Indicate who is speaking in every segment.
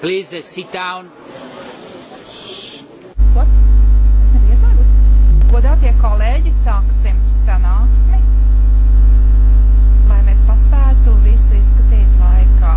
Speaker 1: Please uh, sit down.
Speaker 2: Ko? Es nebiju ieslēgus. Godātie kolēģi, sāksim sanāksmi, lai mēs paspētu visu izskatīt laikā.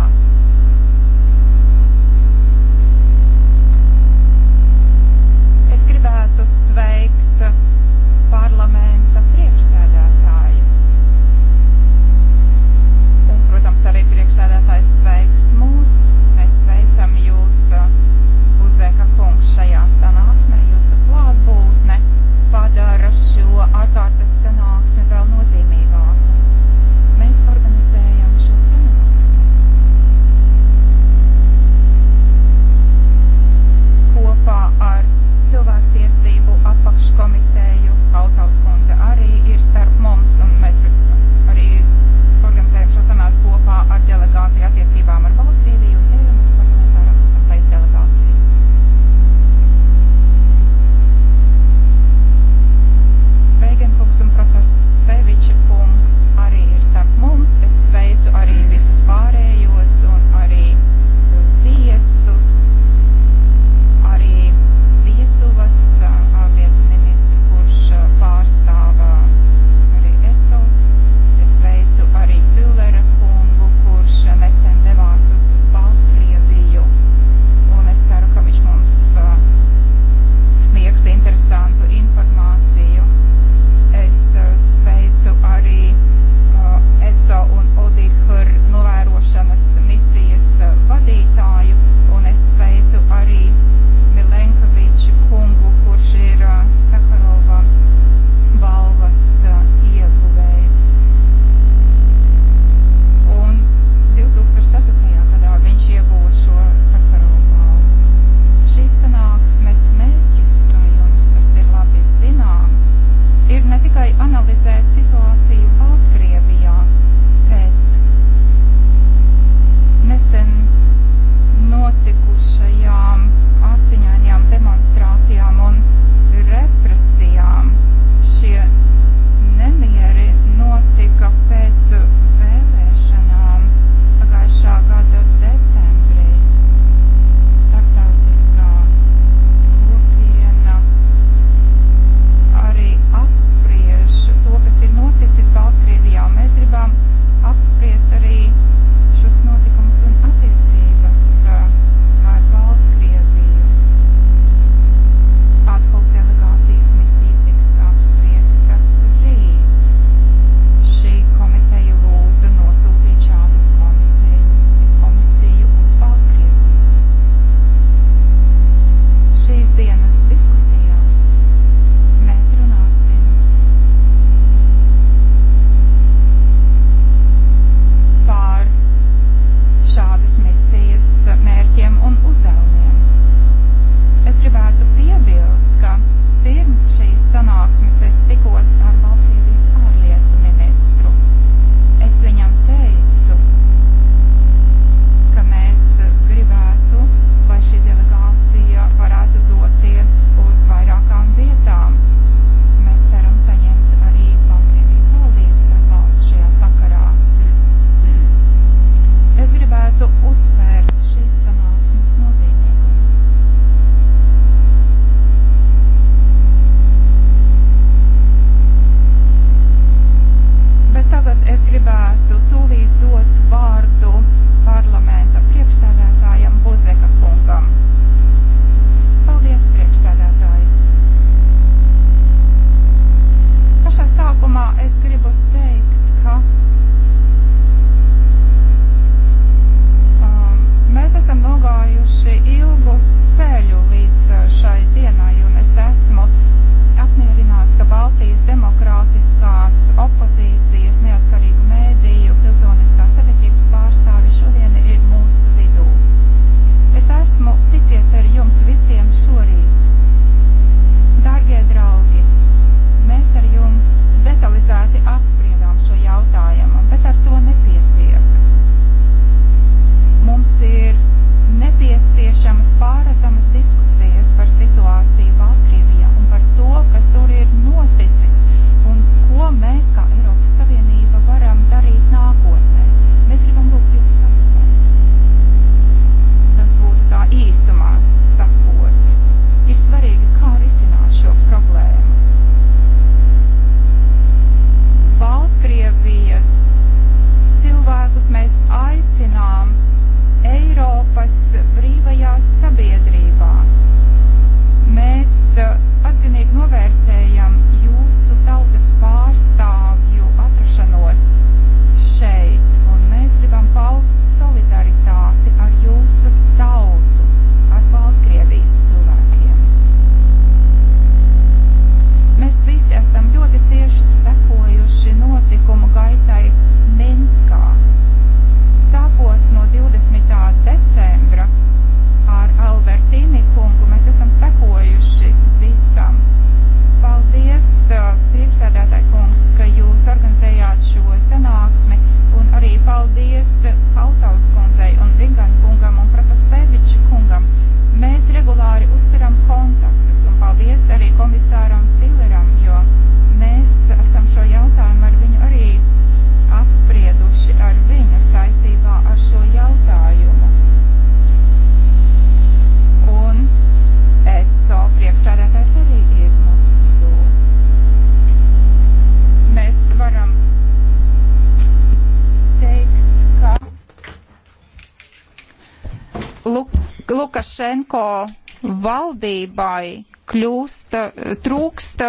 Speaker 2: valdībai kļūst, trūkst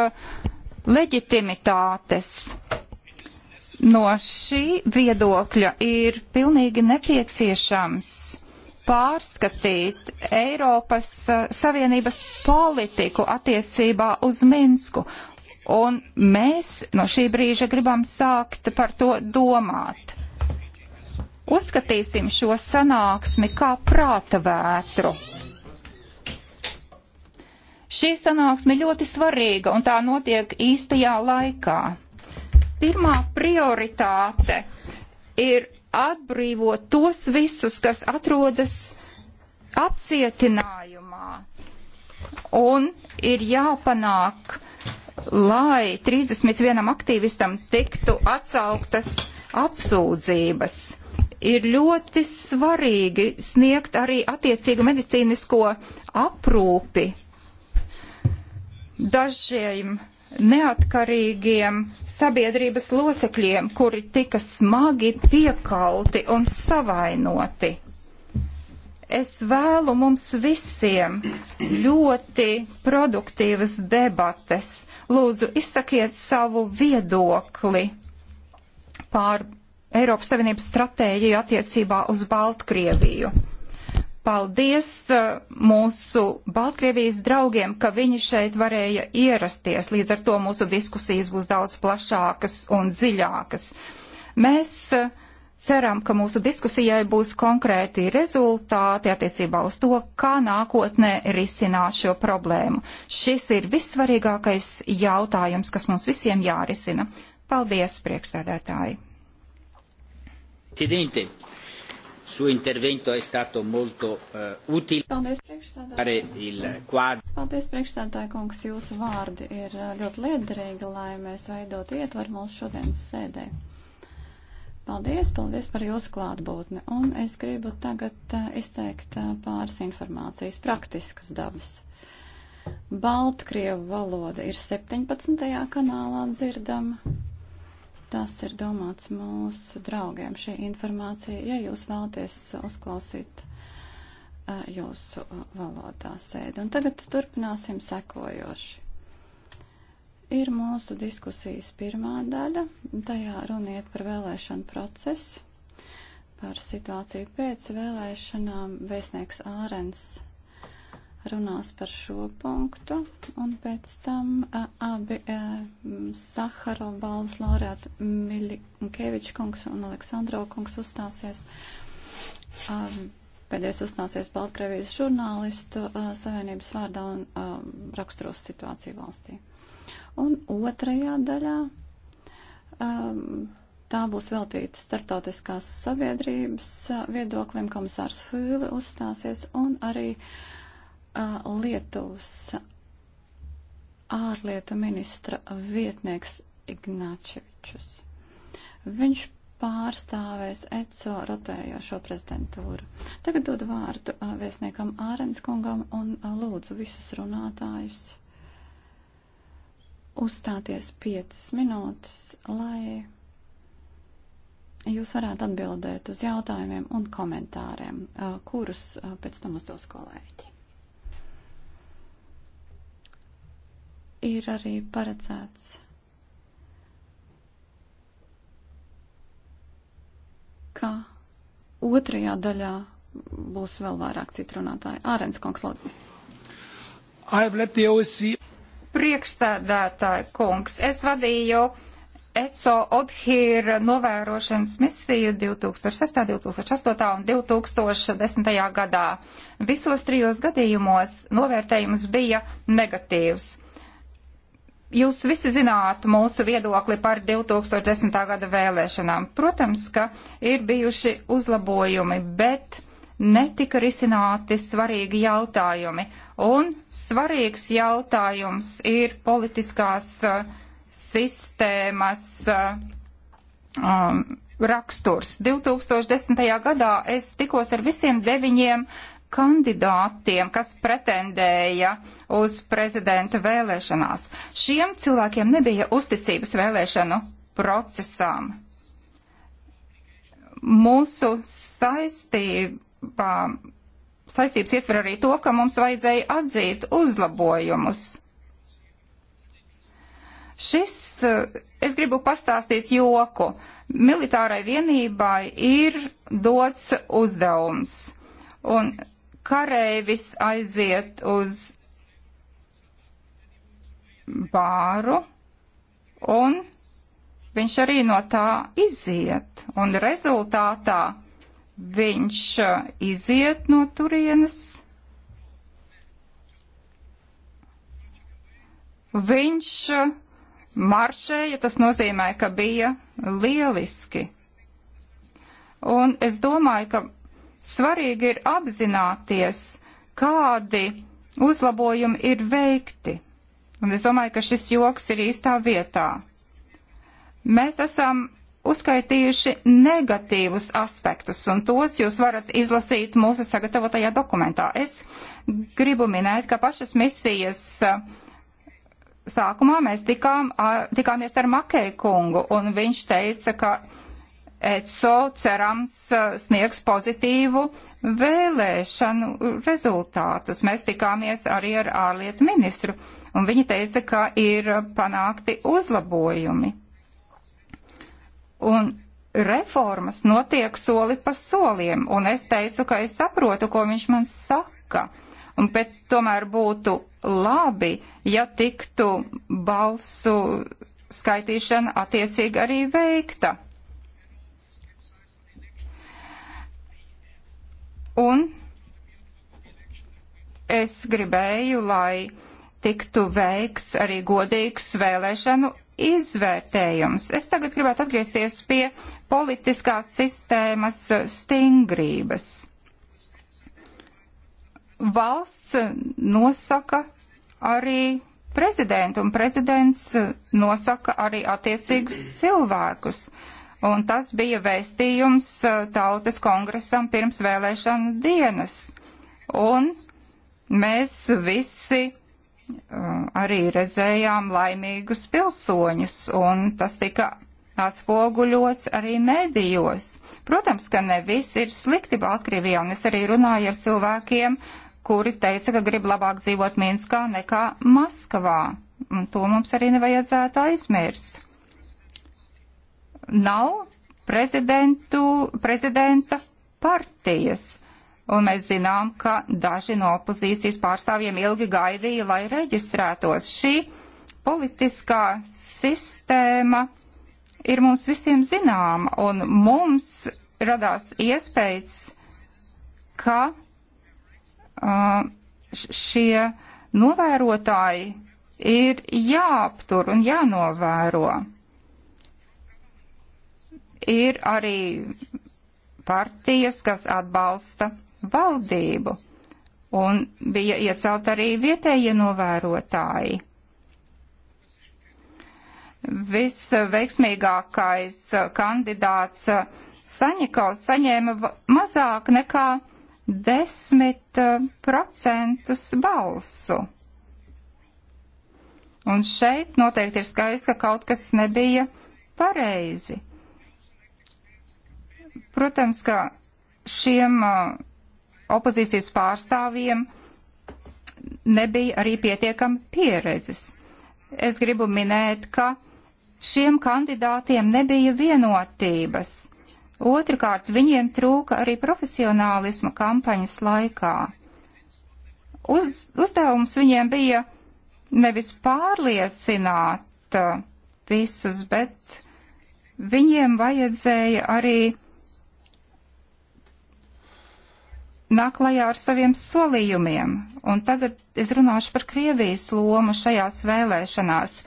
Speaker 2: leģitimitātes. No šī viedokļa ir pilnīgi nepieciešams pārskatīt Eiropas eh, Savienības politiku attiecībā uz Minsku. Un mēs no šī brīža gribam sākt par to domāt. Uzskatīsim šo sanāksmi kā prāta vētru. Šī sanāksme ļoti svarīga un tā notiek īstajā laikā. Pirmā prioritāte ir atbrīvot tos visus, kas atrodas apcietinājumā. Un ir jāpanāk, lai 31 aktīvistam tiktu atsauktas apsūdzības. Ir ļoti svarīgi sniegt arī attiecīgu medicīnisko aprūpi dažiem neatkarīgiem sabiedrības locekļiem, kuri tika smagi piekalti un savainoti. Es vēlu mums visiem ļoti produktīvas debates. Lūdzu, izsakiet savu viedokli pār Eiropas Savienības stratēģiju attiecībā uz Baltkrieviju. Paldies eh, mūsu Baltkrievijas draugiem, ka viņi šeit varēja ierasties. Līdz ar to mūsu diskusijas būs daudz plašākas un dziļākas. Mēs eh, ceram, ka mūsu diskusijai būs konkrēti rezultāti attiecībā uz to, kā nākotnē risināt šo problēmu. Šis ir vissvarīgākais jautājums, kas mums visiem jārisina. Paldies, priekšstādētāji!
Speaker 1: Cidinte suo intervento è stato molto uh, utile. Paldies,
Speaker 3: priekšsādātāji. Paldies, priekšsādātāji kungs, jūsu vārdi ir eh, ļoti liederīgi, lai mēs veidot ietvaru mūsu šodienas sēdē. Paldies, paldies par jūsu klātbūtni. Un es gribu tagad uh, izteikt uh, pāris informācijas praktiskas dabas. Baltkrievu valoda ir 17. kanālā dzirdama Tas ir domāts mūsu draugiem šī informācija, ja jūs vēlaties uzklausīt eh, jūsu eh, valodā sēdi. Un tagad turpināsim sekojoši. Ir mūsu diskusijas pirmā daļa, tajā runiet par vēlēšanu procesu, par situāciju pēc vēlēšanām. Vēstnieks Ārens runās par šo punktu, un pēc tam uh, abi uh, Saharo balvas laureāti Miļinkeviča kungs un Aleksandro kungs uzstāsies. Um, pēdējais uzstāsies Baltkrievijas žurnālistu uh, savienības vārdā un uh, raksturos situāciju valstī. Un otrajā daļā um, tā būs veltīta starptautiskās sabiedrības uh, viedoklim, komisārs Fīle uzstāsies un arī uh, Uh, Lietuvas ārlietu ministra vietnieks Ignāčevičus. Viņš pārstāvēs ECO rotējošo prezidentūru. Tagad dod vārdu uh, vēstniekam Ārenskungam un uh, lūdzu visus runātājus uzstāties 5 minūtes, lai jūs varētu atbildēt uz jautājumiem un komentāriem, kurus pēc tam uzdos kolēģi. ir arī paredzēts ka otrajā daļā būs vēl vairāk citu runātāju. Ārens kungs, lūdzu.
Speaker 2: Priekšstādātāji kungs, es vadīju ECO Odhīra novērošanas misiju 2006, 2008 un 2010 gadā. Visos trijos gadījumos novērtējums bija negatīvs. Jūs visi zināt mūsu viedokli par 2010. gada vēlēšanām. Protams, ka ir bijuši uzlabojumi, bet netika risināti svarīgi jautājumi. Un svarīgs jautājums ir politiskās uh, sistēmas uh, um, raksturs. 2010. gadā es tikos ar visiem deviņiem uh, kandidātiem, kas pretendēja uz prezidenta vēlēšanās. Šiem cilvēkiem nebija uzticības vēlēšanu procesām. Mūsu saistība, saistības ietver arī to, ka mums vajadzēja atzīt uzlabojumus. Šis, es gribu pastāstīt joku. Militārai vienībai ir dots uzdevums. Un kareivis aiziet uz bāru un viņš arī no tā iziet. Un rezultātā viņš uh, iziet no turienes. Viņš uh, maršēja, tas nozīmē, ka bija lieliski. Un es domāju, ka Svarīgi ir apzināties, kādi uzlabojumi ir veikti. Un es domāju, ka šis joks ir īstā vietā. Mēs esam uzskaitījuši negatīvus aspektus, un tos jūs varat izlasīt mūsu sagatavotajā dokumentā. Es gribu minēt, ka pašas misijas uh, sākumā mēs tikām, uh, tikāmies ar Makēju kungu, un viņš teica, ka ECO cerams sniegs pozitīvu vēlēšanu rezultātus. Mēs tikāmies arī ar ārlietu ministru, un viņi teica, ka ir panākti uzlabojumi. Un reformas notiek soli pa soliem, un es teicu, ka es saprotu, ko viņš man saka. Un, bet tomēr būtu labi, ja tiktu balsu skaitīšana attiecīgi arī veikta. Un es gribēju, lai tiktu veikts arī godīgs vēlēšanu izvērtējums. Es tagad gribētu atgriezties pie politiskās sistēmas stingrības. Valsts nosaka arī prezidentu, un prezidents nosaka arī attiecīgus cilvēkus. Uh, un tas bija vēstījums uh, tautas kongresam pirms vēlēšana dienas. Un mēs visi uh, arī redzējām laimīgus pilsoņus, un tas tika atspoguļots arī medijos. Protams, ka ne viss ir slikti Baltkrievijā, un es arī runāju ar cilvēkiem, kuri teica, ka grib labāk dzīvot Minskā nekā Maskavā, un to mums arī nevajadzētu aizmirst nav prezidenta partijas. Un mēs zinām, ka daži no opozīcijas pārstāvjiem ilgi gaidīja, lai reģistrētos. Šī politiskā sistēma ir mums visiem zināma, un mums radās iespējas, ka uh, šie novērotāji ir jāaptur un jānovēro ir arī partijas, kas atbalsta valdību, un bija iecelt arī vietējie novērotāji. Visveiksmīgākais kandidāts Saņikaus saņēma mazāk nekā 10% eh, balsu. Un šeit noteikti ir skaidrs, ka kaut kas nebija pareizi. Protams, ka šiem uh, opozīcijas pārstāvjiem nebija arī pietiekami pieredzes. Es gribu minēt, ka šiem kandidātiem nebija vienotības. Otrakārt, viņiem trūka arī profesionālisma kampaņas laikā. Uz, uzdevums viņiem bija nevis pārliecināt uh, visus, bet viņiem vajadzēja arī nāk klajā ar saviem solījumiem. Un tagad es runāšu par Krievijas lomu šajās vēlēšanās.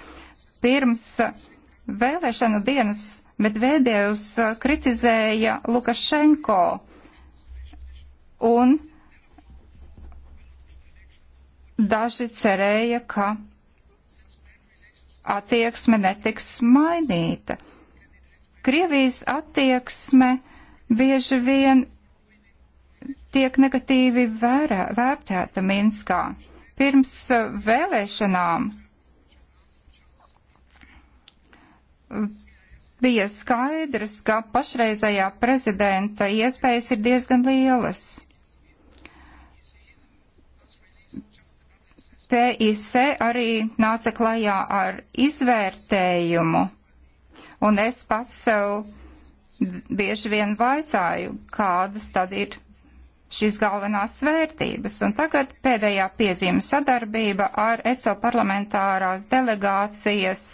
Speaker 2: Pirms vēlēšanu dienas Medvedevs uh, kritizēja Lukašenko un daži cerēja, ka attieksme netiks mainīta. Krievijas attieksme bieži vien tiek negatīvi vērā, vērtēta Minskā. Pirms uh, vēlēšanām uh, bija skaidrs, ka pašreizējā prezidenta iespējas ir diezgan lielas. PIC arī nāca klajā ar izvērtējumu, un es pats sev bieži vien vaicāju, kādas tad ir šīs galvenās vērtības. Un tagad pēdējā piezīme sadarbība ar ECO parlamentārās delegācijas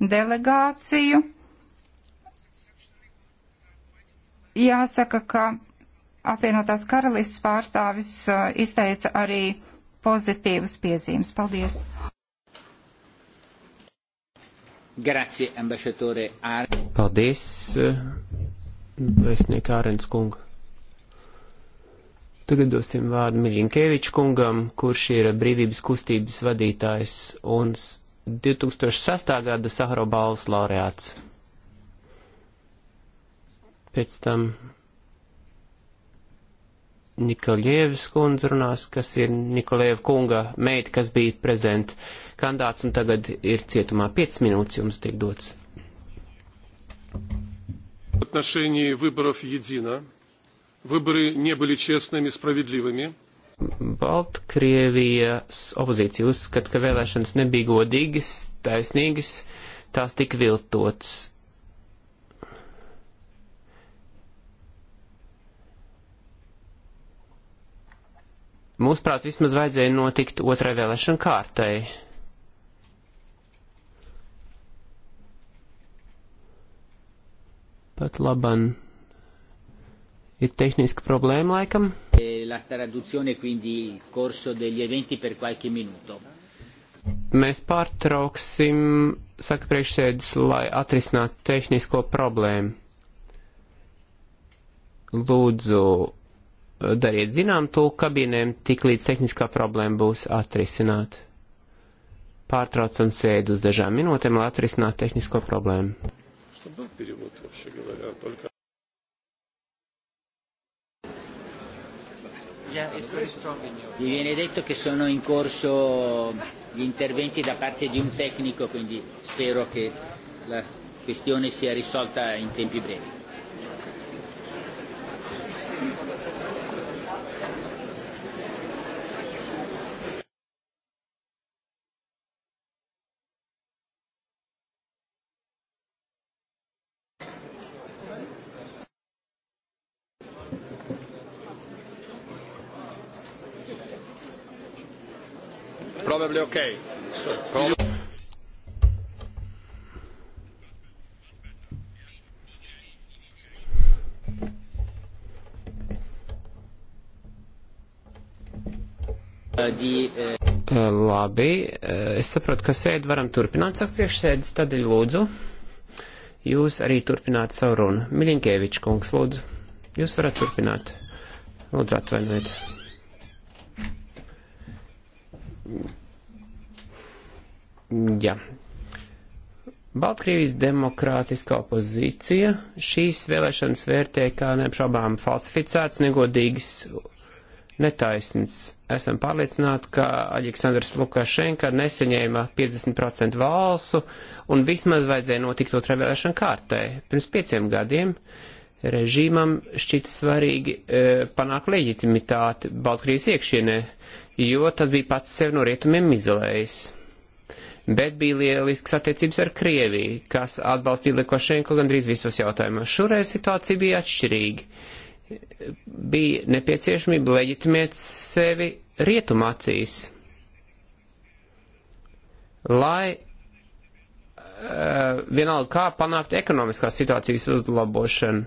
Speaker 2: delegāciju. Jāsaka, ka apvienotās karalists pārstāvis uh, izteica arī pozitīvas piezīmes. Paldies!
Speaker 1: Grazie, ambasadore Ārens.
Speaker 4: Paldies, uh, vēstnieka Ārens kunga. Tagad dosim vārdu Miļinkeviču kungam, kurš ir brīvības kustības vadītājs un 2006. gada Sahara balvas laureāts. Pēc tam Nikolievas kundze runās, kas ir Nikolieva kunga meita, kas bija prezent kandāts un tagad ir cietumā 5 minūtes jums tiek dots.
Speaker 5: Отношении выборов едино выборы не были честными, справедливыми.
Speaker 4: Baltkrievijas opozīcija uzskata, ka vēlēšanas nebija godīgas, taisnīgas, tās tika viltotas. Mūsuprāt, vismaz vajadzēja notikt otrai vēlēšana kārtai. Pat laban. Ir tehniska problēma laikam.
Speaker 1: E la traduzione quindi il corso degli eventi per qualche minuto.
Speaker 4: Mēs pārtrauksim, saka priekšsēdis, lai atrisinātu tehnisko problēmu. Lūdzu, dariet zinām tulku kabīnēm, tik līdz tehniskā problēma būs atrisināta. Pārtraucam sēdu uz dažām minūtēm, lai atrisinātu tehnisko problēmu.
Speaker 5: Что был перевод, вообще говоря, только
Speaker 4: Yeah, Mi
Speaker 1: viene detto che sono in corso gli interventi da parte di un tecnico, quindi spero che la questione sia risolta in tempi brevi.
Speaker 4: Labi, eh, es saprotu, ka sēdi varam turpināt, saka priekšsēdis, tādēļ lūdzu, jūs arī turpināt savu runu. Miļinkēvičs kungs, lūdzu, jūs varat turpināt. Lūdzu, atvainojiet. Jā. Baltkrievijas demokrātiskā opozīcija šīs vēlēšanas vērtē kā neapšaubām falsificēts, negodīgs netaisns. Esam pārliecināti, ka Aļiksandrs Lukašenka nesaņēma 50% valsu un vismaz vajadzēja notikt otrā vēlēšana kārtai. Pirms pieciem gadiem režīmam šķita svarīgi e, panākt leģitimitāti Baltkrievijas iekšienē, jo tas bija pats sev no rietumiem izolējis. Bet bija lielisks attiecības ar Krieviju, kas atbalstīja Lukašenko gandrīz visos jautājumos. Šoreiz situācija bija atšķirīga bija nepieciešamība leģitimēt sevi rietumacīs, lai uh, vienalga kā panākt ekonomiskās situācijas uzlabošanu.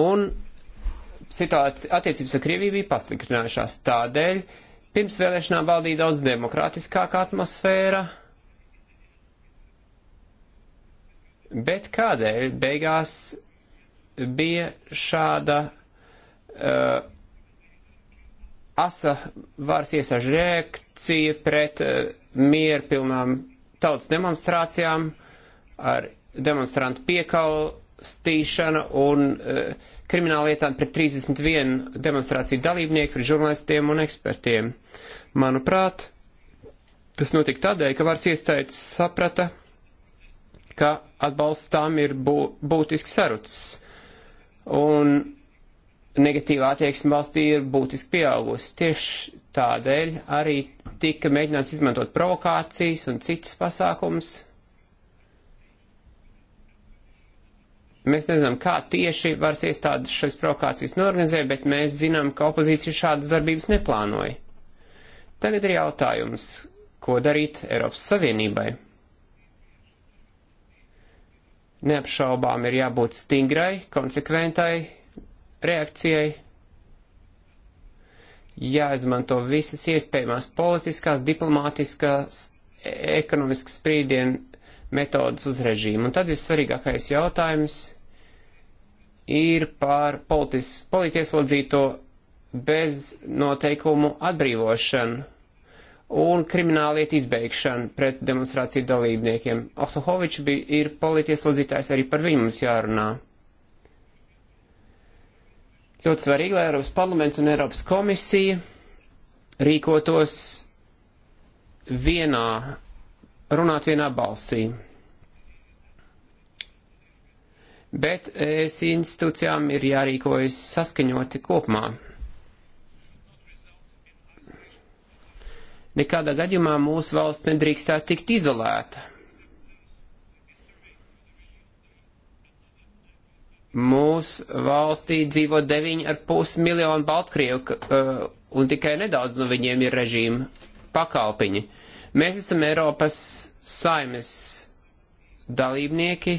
Speaker 4: Un situācija attiecības ar Krieviju bija pasliktinājušās tādēļ, pirms vēlēšanām valdīja daudz demokrātiskāka atmosfēra, bet kādēļ beigās bija šāda uh, asa varas iesaižu reakcija pret uh, mierpilnām tautas demonstrācijām ar demonstrantu piekaustīšanu un uh, krimināllietām pret 31 demonstrāciju dalībnieku, pret žurnālistiem un ekspertiem. Manuprāt, tas notika tādēļ, ka varas iestādes saprata, ka atbalsts tām ir bū, būtiski sarucis un negatīvā attieksme valstī ir būtiski pieaugusi. Tieši tādēļ arī tika mēģināts izmantot provokācijas un citas pasākums. Mēs nezinām, kā tieši varas iestādes šīs provokācijas norganizē, bet mēs zinām, ka opozīcija šādas darbības neplānoja. Tagad ir jautājums, ko darīt Eiropas Savienībai neapšaubām ir jābūt stingrai, konsekventai reakcijai, jāizmanto visas iespējamās politiskās, diplomātiskās, e, ekonomiskas sprīdienu metodas uz režīmu. Un tad vissvarīgākais jautājums ir par politis, politieslodzīto bez noteikumu atbrīvošanu un krimināliet izbeigšanu pret demonstrāciju dalībniekiem. Ohtohovičs bija ir politieslodzītājs, arī par viņu mums jārunā. Ļoti svarīgi, lai Eiropas parlaments un Eiropas komisija rīkotos vienā, runāt vienā balsī. Bet es institūcijām ir jārīkojas saskaņoti kopumā. Nekādā gadījumā mūsu valsts nedrīkstētu tikt izolēta. Mūsu valstī dzīvo 9,5 miljonu Baltkrievu, uh, un tikai nedaudz no viņiem ir režīma pakalpiņi. Mēs esam Eiropas saimes dalībnieki,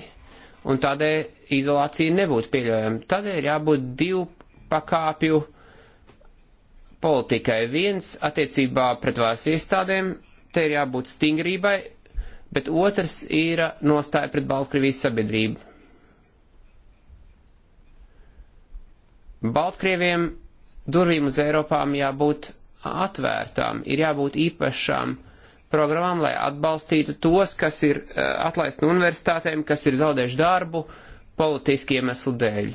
Speaker 4: un tādēļ izolācija nebūtu pieļaujama. Tādēļ jābūt divu pakāpju politikai. Viens attiecībā pret vairs iestādēm, te ir jābūt stingrībai, bet otrs ir nostāja pret Baltkrievijas sabiedrību. Baltkrieviem durvīm uz Eiropām jābūt atvērtām, ir jābūt īpašām programmām, lai atbalstītu tos, kas ir eh, atlaisti no universitātēm, kas ir zaudējuši darbu politiskiem iemeslu dēļ.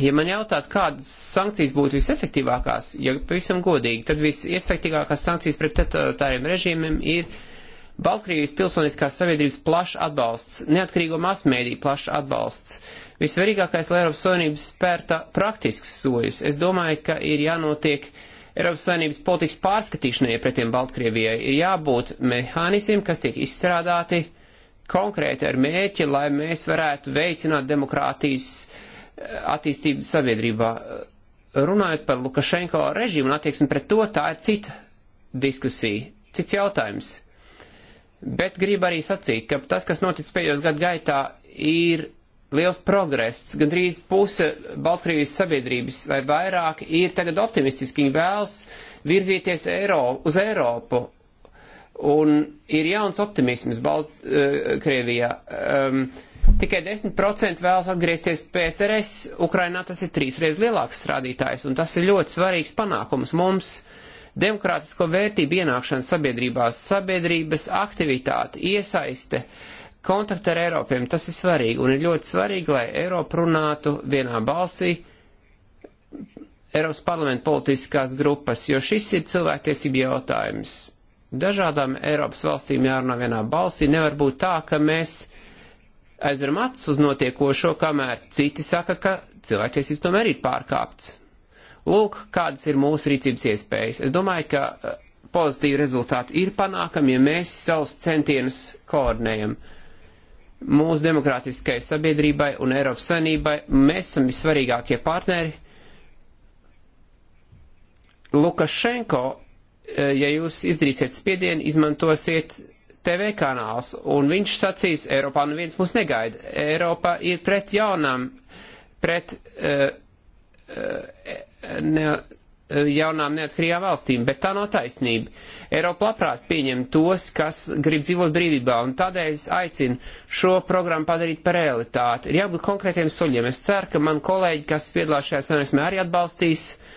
Speaker 4: Ja man jautāt, kādas sankcijas būtu visefektīvākās, ja pavisam godīgi, tad visefektīvākās sankcijas pret totalitāriem režīmiem ir Baltkrievijas pilsoniskās sabiedrības plašs atbalsts, neatkarīgo masmēdī plašs atbalsts. Vissvarīgākais, lai Eiropas Savienības spērta praktisks sojas. Es domāju, ka ir jānotiek Eiropas Savienības politikas pārskatīšanai pretiem Baltkrievijai. Ir jābūt mehānismiem, kas tiek izstrādāti konkrēti ar mēķi, lai mēs varētu veicināt demokrātijas uh, attīstību sabiedrībā. Runājot par Lukašenko režīmu un attieksmi pret to, tā ir cita diskusija, cits jautājums. Bet gribu arī sacīt, ka tas, kas noticis pēdējos gadu gaitā, ir liels progress. Gandrīz puse Baltkrievijas sabiedrības vai vairāk ir tagad optimistiski. Viņi vēlas virzīties Eiro, uz Eiropu Un ir jauns optimisms Baltkrievijā. Eh, um, ehm, tikai 10% vēlas atgriezties PSRS, Ukrainā tas ir trīsreiz lielāks rādītājs, un tas ir ļoti svarīgs panākums mums. Demokrātisko vērtību ienākšana sabiedrībās, sabiedrības aktivitāte, iesaiste, kontakti ar Eiropiem, tas ir svarīgi, un ir ļoti svarīgi, lai Eiropa runātu vienā balsī. Eiropas parlamenta politiskās grupas, jo šis ir cilvēktiesība jautājums dažādām Eiropas valstīm jārunā vienā balsī. Nevar būt tā, ka mēs aizveram acis uz notiekošo, kamēr citi saka, ka cilvēktiesības tomēr ir pārkāptas. Lūk, kādas ir mūsu rīcības iespējas. Es domāju, ka eh, pozitīvi rezultāti ir panākami, ja mēs savus centienus koordinējam. Mūsu demokrātiskai sabiedrībai un Eiropas savienībai mēs esam vissvarīgākie partneri. Lukašenko Eh, ja jūs izdarīsiet spiedienu, izmantosiet TV kanāls, un viņš sacīs, Eiropā neviens mūs negaida. Eiropa ir pret jaunam, pret uh, uh, ne, jaunām neatkarīgām valstīm, bet tā nav taisnība. Eiropa labprāt pieņem tos, kas grib dzīvot brīvībā, un tādēļ es aicinu šo programmu padarīt par realitāti. Ir jābūt konkrētiem soļiem. Es ceru, ka man kolēģi, kas piedalās šajā sanāksmē, arī atbalstīs uh,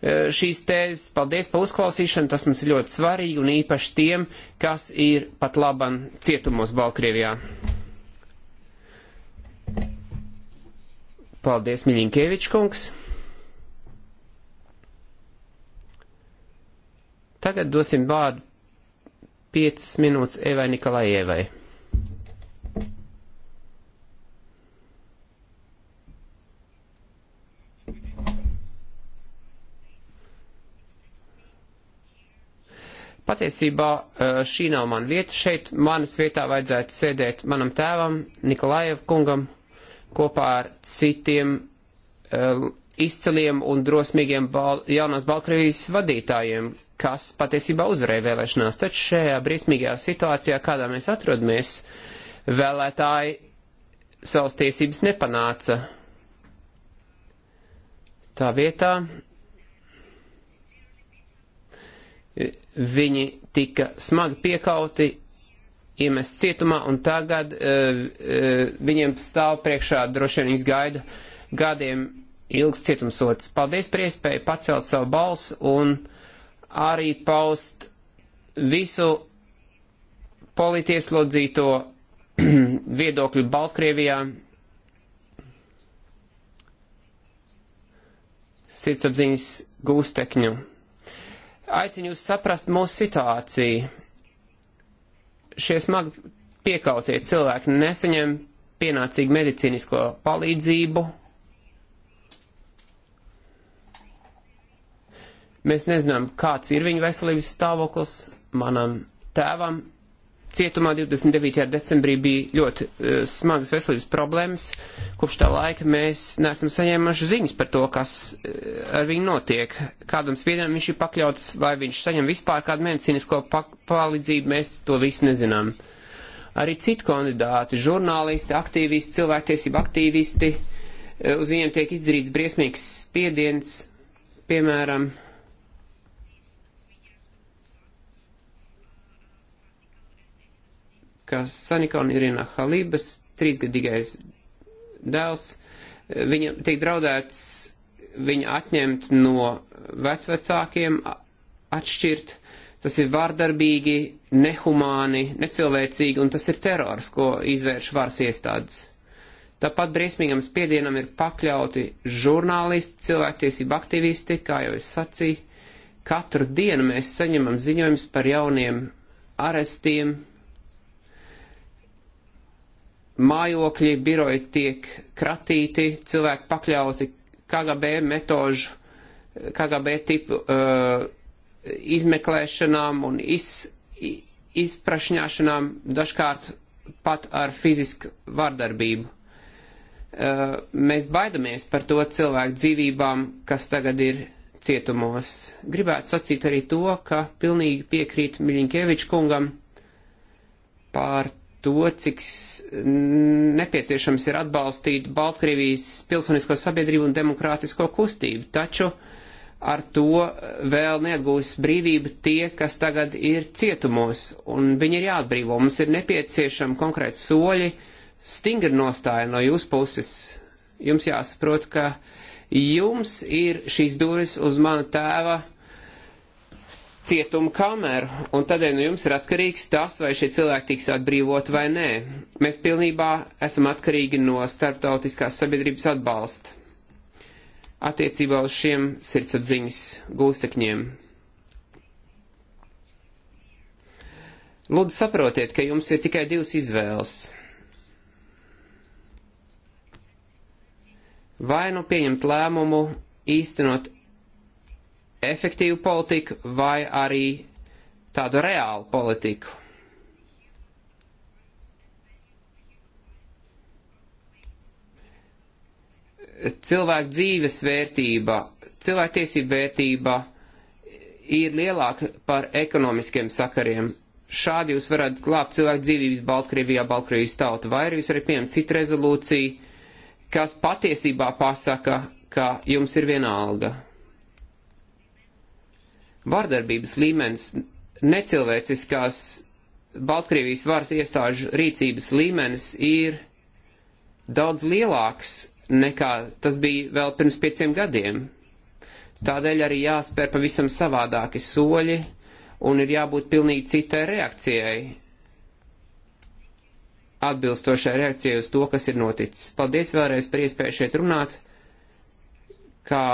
Speaker 4: Eh, šīs tēzes. Paldies par uzklausīšanu, tas mums ir ļoti svarīgi un īpaši tiem, kas ir pat laban cietumos Balkrievijā. Paldies, Miļinkievičs kungs. Tagad dosim vārdu 5 minūtes Evai Nikolaievai. Patiesībā eh, šī nav mana vieta. Šeit manas vietā vajadzētu sēdēt manam tēvam, Nikolaieva kungam, kopā ar citiem eh, izceliem un drosmīgiem Bal jaunās Baltkrievijas vadītājiem, kas patiesībā uzvarēja vēlēšanās. Taču šajā briesmīgajā situācijā, kādā mēs atrodamies, vēlētāji savas tiesības nepanāca. Tā vietā Viņi tika smagi piekauti, iemest cietumā, un tagad uh, uh, viņiem stāv priekšā droši vien viņas gaida gadiem ilgs cietumsots. Paldies par iespēju pacelt savu balsu un arī paust visu politieslodzīto viedokļu Baltkrievijā. Sirdsapziņas gūstekņu Aicinu jūs saprast mūsu situāciju. Šie smagi piekautie cilvēki nesaņem pienācīgu medicīnisko palīdzību. Mēs nezinām, kāds ir viņu veselības stāvoklis. Manam tēvam Cietumā 29. decembrī bija ļoti uh, smagas veselības problēmas. Kopš tā laika mēs neesam saņēmuši ziņas par to, kas uh, ar viņu notiek. Kādam spiedienam viņš ir pakļauts, vai viņš saņem vispār kādu medicīnisko palīdzību, mēs to visu nezinām. Arī citi kandidāti, žurnālisti, aktīvisti, cilvēktiesība aktīvisti, uh, uz viņiem tiek izdarīts briesmīgs spiediens, piemēram, uh, ka Sanika un Irina Halibas trīsgadīgais dēls, viņam tiek draudēts viņu atņemt no vecvecākiem, atšķirt. Tas ir vārdarbīgi, nehumāni, necilvēcīgi, un tas ir terors, ko izvērš varas iestādes. Tāpat briesmīgam spiedienam ir pakļauti žurnālisti, cilvēktiesība aktīvisti, kā jau es sacīju. Katru dienu mēs saņemam ziņojumus par jauniem arestiem, mājokļi, biroji tiek kratīti, cilvēki pakļauti KGB metožu, KGB tipu uh, izmeklēšanām un iz, izprašņāšanām, dažkārt pat ar fizisku vardarbību. Uh, mēs baidamies par to cilvēku dzīvībām, kas tagad ir cietumos. Gribētu sacīt arī to, ka pilnīgi piekrīt Miļņkeviča kungam par to, cik nepieciešams ir atbalstīt Baltkrievijas pilsonisko sabiedrību un demokrātisko kustību. Taču ar to vēl neatgūs brīvību tie, kas tagad ir cietumos, un viņi ir jāatbrīvo. Mums ir nepieciešami konkrēti soļi, stingri nostāja no jūsu puses. Jums jāsaprot, ka jums ir šīs durvis uz mana tēva uh, cietuma kameru, un tādēļ no nu, jums ir atkarīgs tas, vai šie cilvēki tiks atbrīvot vai nē. Mēs pilnībā esam atkarīgi no starptautiskās sabiedrības atbalsta attiecībā uz šiem sirdsapziņas gūstekņiem. Lūdzu, saprotiet, ka jums ir tikai divas izvēles. Vai nu pieņemt lēmumu īstenot efektīvu politiku vai arī tādu reālu politiku. Cilvēku dzīves vērtība, cilvēktiesība vērtība ir lielāka par ekonomiskiem sakariem. Šādi jūs varat glābt cilvēku dzīvības Baltkrievijā, Baltkrievijas tauta, vai arī jūs varat pieņemt citu rezolūciju, kas patiesībā pasaka, ka jums ir vienalga. alga vardarbības līmenis, necilvēciskās Baltkrievijas varas iestāžu rīcības līmenis ir daudz lielāks nekā tas bija vēl pirms pieciem gadiem. Tādēļ arī jāspēr pavisam savādāki soļi un ir jābūt pilnīgi citai reakcijai, atbilstošai reakcijai uz to, kas ir noticis. Paldies vēlreiz par iespēju šeit runāt, kā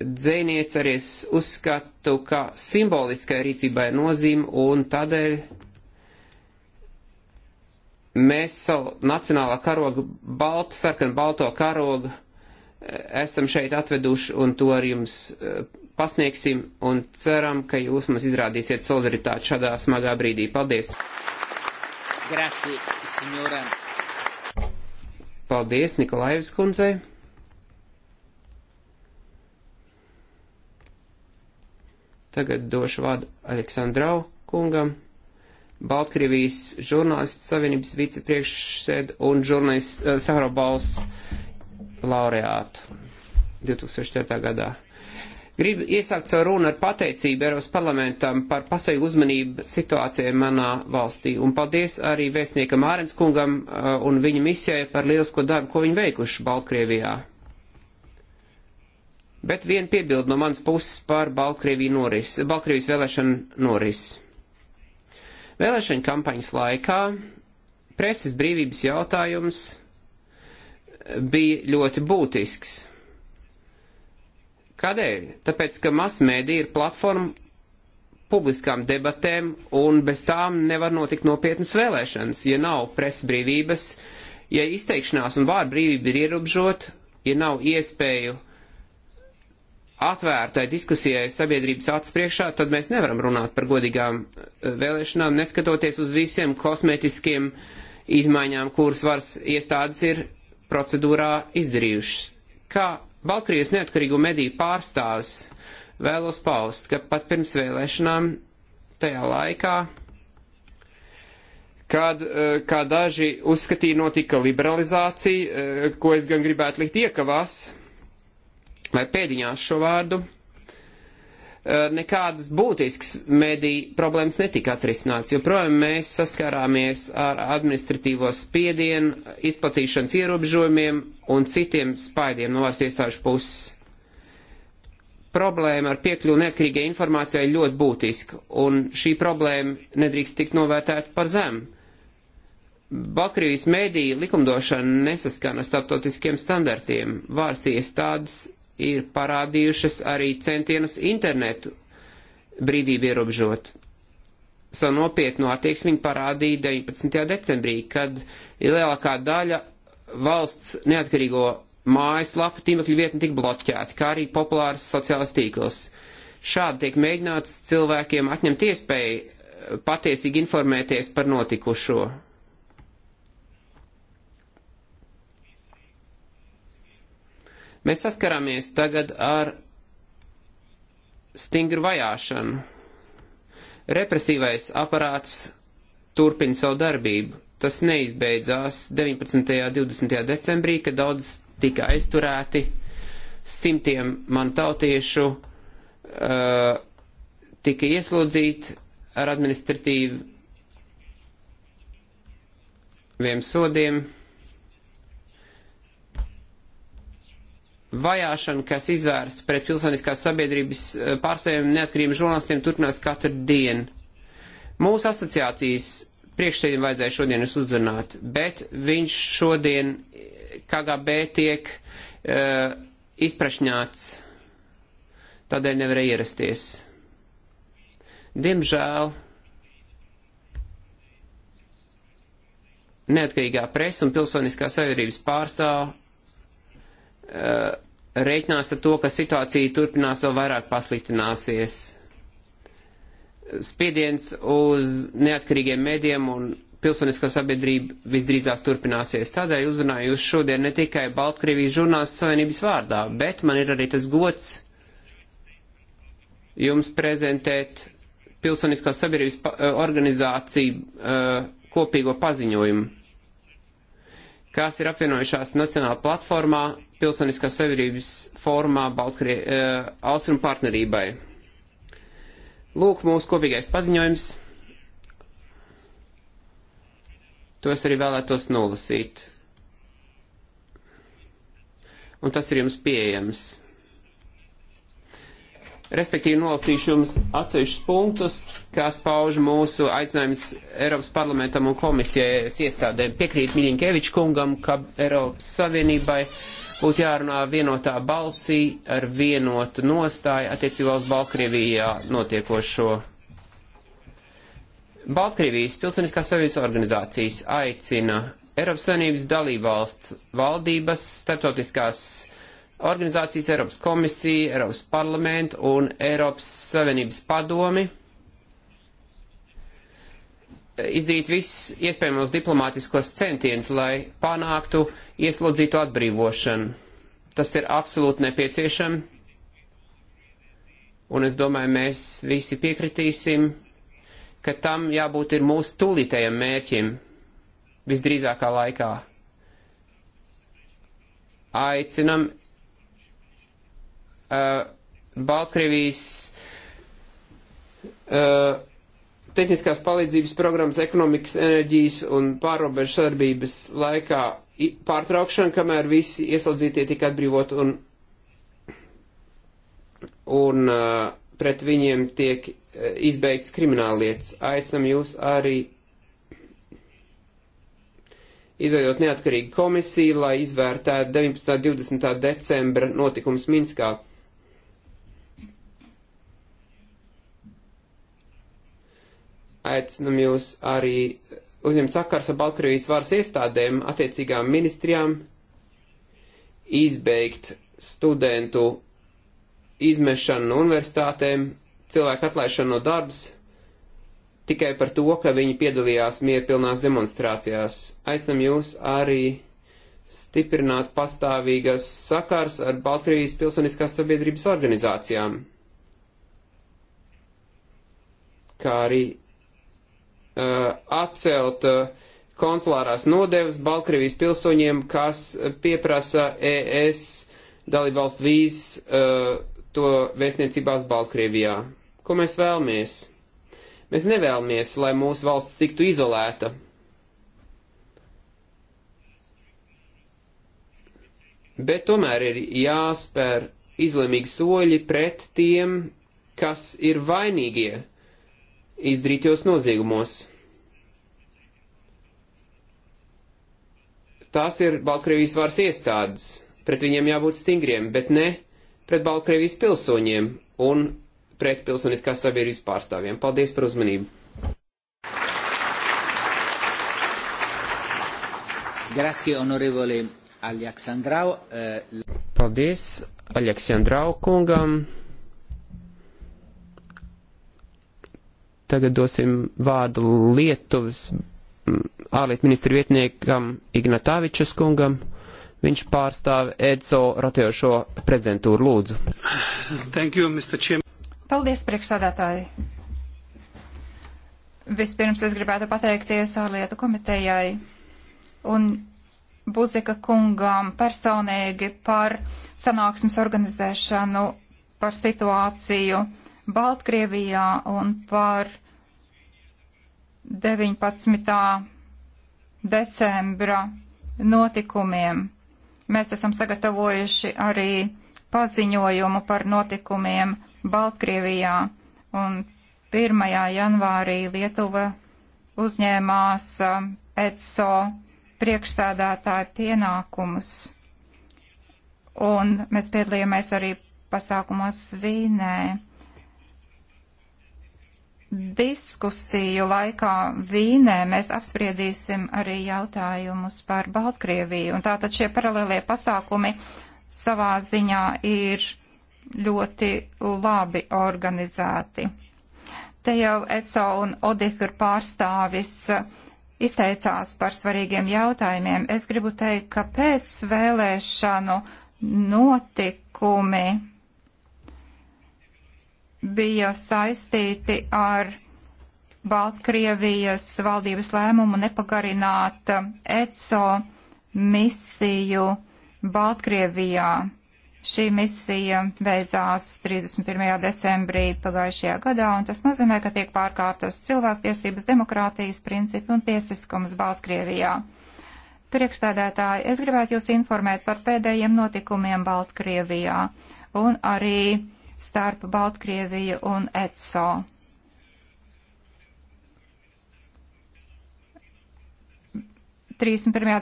Speaker 4: dzēniece arī es uzskatu, ka simboliskai rīcībai ir nozīme un tādēļ mēs savu nacionālā karogu, baltu, sarkanu balto karogu eh, esam šeit atveduši un to arī jums eh, pasniegsim un ceram, ka jūs mums izrādīsiet solidaritāti šādā smagā brīdī. Paldies!
Speaker 1: Grazie, signora.
Speaker 4: Paldies Nikolaevas kundzei! Tagad došu vārdu Aleksandrau kungam, Baltkrievijas žurnālists savienības vicepriekšsēd un žurnālists uh, eh, Sahrabals laureātu 2004. gadā. Gribu iesākt savu runu ar pateicību Eiropas parlamentam par pasaigu uzmanību situācijai manā valstī. Un paldies arī vēstniekam Ārens kungam eh, un viņa misijai par lielisko darbu, ko viņi veikuši Baltkrievijā. Bet viena piebilda no manas puses par noris, Baltkrievijas vēlēšanu noris. Vēlēšana kampaņas laikā preses brīvības jautājums bija ļoti būtisks. Kādēļ? Tāpēc, ka masmēdī ir platforma publiskām debatēm, un bez tām nevar notikt nopietnas vēlēšanas, ja nav presbrīvības, ja izteikšanās un vārdu brīvība ir ierobežota, ja nav iespēju atvērtai diskusijai sabiedrības acu priekšā, tad mēs nevaram runāt par godīgām eh, vēlēšanām, neskatoties uz visiem kosmētiskiem izmaiņām, kuras varas iestādes ir procedūrā izdarījušas. Kā Baltkrievijas neatkarīgo mediju pārstāvis vēlos paust, ka pat pirms vēlēšanām tajā laikā, kad, eh, kā daži uzskatīja, notika liberalizācija, eh, ko es gan gribētu likt iekavās, vai pēdiņās šo vārdu, eh, nekādas būtiskas mediju problēmas netika atrisināts, jo projām mēs saskārāmies ar administratīvo spiedienu, izplatīšanas ierobežojumiem un citiem spaidiem no varas iestāžu puses. Problēma ar piekļuvu neatkarīgai informācijai ļoti būtiska, un šī problēma nedrīkst tikt novērtēta par zemu. Baltkrievijas mēdīja likumdošana nesaskana starptautiskiem standartiem. Vārs iestādes ir parādījušas arī centienus internetu brīvību ierobežot. Savu nopietnu attieksmi viņi parādīja 19. decembrī, kad lielākā daļa valsts neatkarīgo mājaslapu tīmekļu vietni tika bloķēti, kā arī populārs sociālais tīkls. Šādi tiek mēģināts cilvēkiem atņemt iespēju patiesīgi informēties par notikušo Mēs saskarāmies tagad ar stingru vajāšanu. Represīvais aparāts turpina savu darbību. Tas neizbeidzās 19. un 20. decembrī, kad daudz tika aizturēti simtiem man tautiešu, uh, tika ieslodzīti ar administratīviem sodiem. vajāšana, kas izvērsta pret pilsoniskās sabiedrības eh, pārstāvjiem neatkarīgiem žurnālistiem, turpinās katru dienu. Mūsu asociācijas priekšsēdim vajadzēja šodien jūs uzrunāt, bet viņš šodien eh, KGB tiek uh, izprašņāts, tādēļ nevarēja ierasties. Diemžēl neatkarīgā presa un pilsoniskā sabiedrības pārstāv uh, rēķinās ar to, ka situācija turpinās vēl vairāk pasliktināsies. Spiediens uz neatkarīgiem medijiem un pilsoniskā sabiedrība visdrīzāk turpināsies. Tādēļ uzrunāju jūs šodien ne tikai Baltkrievijas žurnālistu savienības vārdā, bet man ir arī tas gods jums prezentēt pilsoniskās sabiedrības eh, organizāciju uh, kopīgo paziņojumu, kas ir apvienojušās Nacionālā platformā pilsoniskās sabiedrības formā Baltkrie, uh, Austrum partnerībai. Lūk, mūsu kopīgais paziņojums. To es arī vēlētos nolasīt. Un tas ir jums pieejams. Respektīvi nolasīšu jums atsevišķus punktus, kas pauž mūsu aicinājums Eiropas parlamentam un komisijas iestādēm. Piekrīt Miļinkevičs kungam, ka Eiropas Savienībai uh, būtu jārunā vienotā balsī ar vienotu nostāju attiecībā uz Baltkrievijā notiekošo. Baltkrievijas pilsoniskās savienības organizācijas aicina Eiropas Savienības dalībvalsts valdības, starptautiskās organizācijas, Eiropas komisiju, Eiropas parlamentu un Eiropas Savienības padomi izdarīt visus iespējamos diplomātiskos centienus, lai panāktu uh, ieslodzīto atbrīvošanu. Tas ir absolūti nepieciešami, un es domāju, mēs visi piekritīsim, ka tam jābūt ir mūsu tūlītējam mērķim visdrīzākā laikā. Aicinam uh, Baltkrievijas uh, tehniskās palīdzības programmas ekonomikas enerģijas un pārobežu sadarbības laikā pārtraukšana, kamēr visi ieslodzītie tika atbrīvot un, un uh, pret viņiem tiek uh, izbeigts krimināllietas. Aicinam jūs arī izveidot neatkarīgu komisiju, lai izvērtētu 19. un 20. decembra notikums Minskā. Aicinam jūs arī uzņemt sakars ar Baltkrievijas varas iestādēm, attiecīgām ministrijām, izbeigt studentu izmešanu no universitātēm, cilvēku atlaišanu no darbs, tikai par to, ka viņi piedalījās mierpilnās demonstrācijās. Aicinam jūs arī stiprināt pastāvīgas sakars ar Baltkrievijas pilsoniskās sabiedrības organizācijām, kā arī Uh, atcelt uh, konsulārās nodevas Baltkrievijas pilsoņiem, kas pieprasa ES dalībvalstu vīzes uh, to vēstniecībās Baltkrievijā. Ko mēs vēlamies? Mēs nevēlamies, lai mūsu valsts tiktu izolēta. Bet tomēr ir jāspēr izlēmīgi soļi pret tiem, kas ir vainīgie izdarītos noziegumos. Tās ir Baltkrievijas varas iestādes, pret viņiem jābūt stingriem, bet ne pret Baltkrievijas pilsoņiem un pret pilsoniskās sabiedrības pārstāvjiem. Paldies par uzmanību!
Speaker 1: Grazie, onorevole Aleksandrau. Eh,
Speaker 4: Paldies Aleksandrau kungam. Tagad dosim vārdu Lietuvas mm, ārlietu ministra vietniekam Ignatāvičas kungam. Viņš pārstāv EDSO rotējošo prezidentūru lūdzu. Thank you, Mr. Chim.
Speaker 2: Paldies, priekšsādātāji. Vispirms es gribētu pateikties ārlietu komitejai un Buzika kungām personīgi par sanāksmes organizēšanu, par situāciju Baltkrievijā un par 19. decembra notikumiem. Mēs esam sagatavojuši arī paziņojumu par notikumiem Baltkrievijā un 1. janvārī Lietuva uzņēmās um, ETSO priekšstādātāju pienākumus. Un mēs piedalījāmies arī pasākumos Vīnē diskusiju laikā Vīnē mēs apspriedīsim arī jautājumus par Baltkrieviju. Un tātad šie paralēlie pasākumi savā ziņā ir ļoti labi organizēti. Te jau ECO un Odihur pārstāvis izteicās par svarīgiem jautājumiem. Es gribu teikt, ka pēc vēlēšanu notikumi bija saistīti ar Baltkrievijas valdības lēmumu nepagarināt um, ECO misiju Baltkrievijā. Šī misija beidzās 31. decembrī pagājušajā gadā, un tas nozīmē, ka tiek pārkāptas cilvēktiesības, demokrātijas principi un tiesiskums Baltkrievijā. Priekšstādētāji, es gribētu jūs informēt par pēdējiem notikumiem Baltkrievijā un arī starp Baltkrieviju un ECO.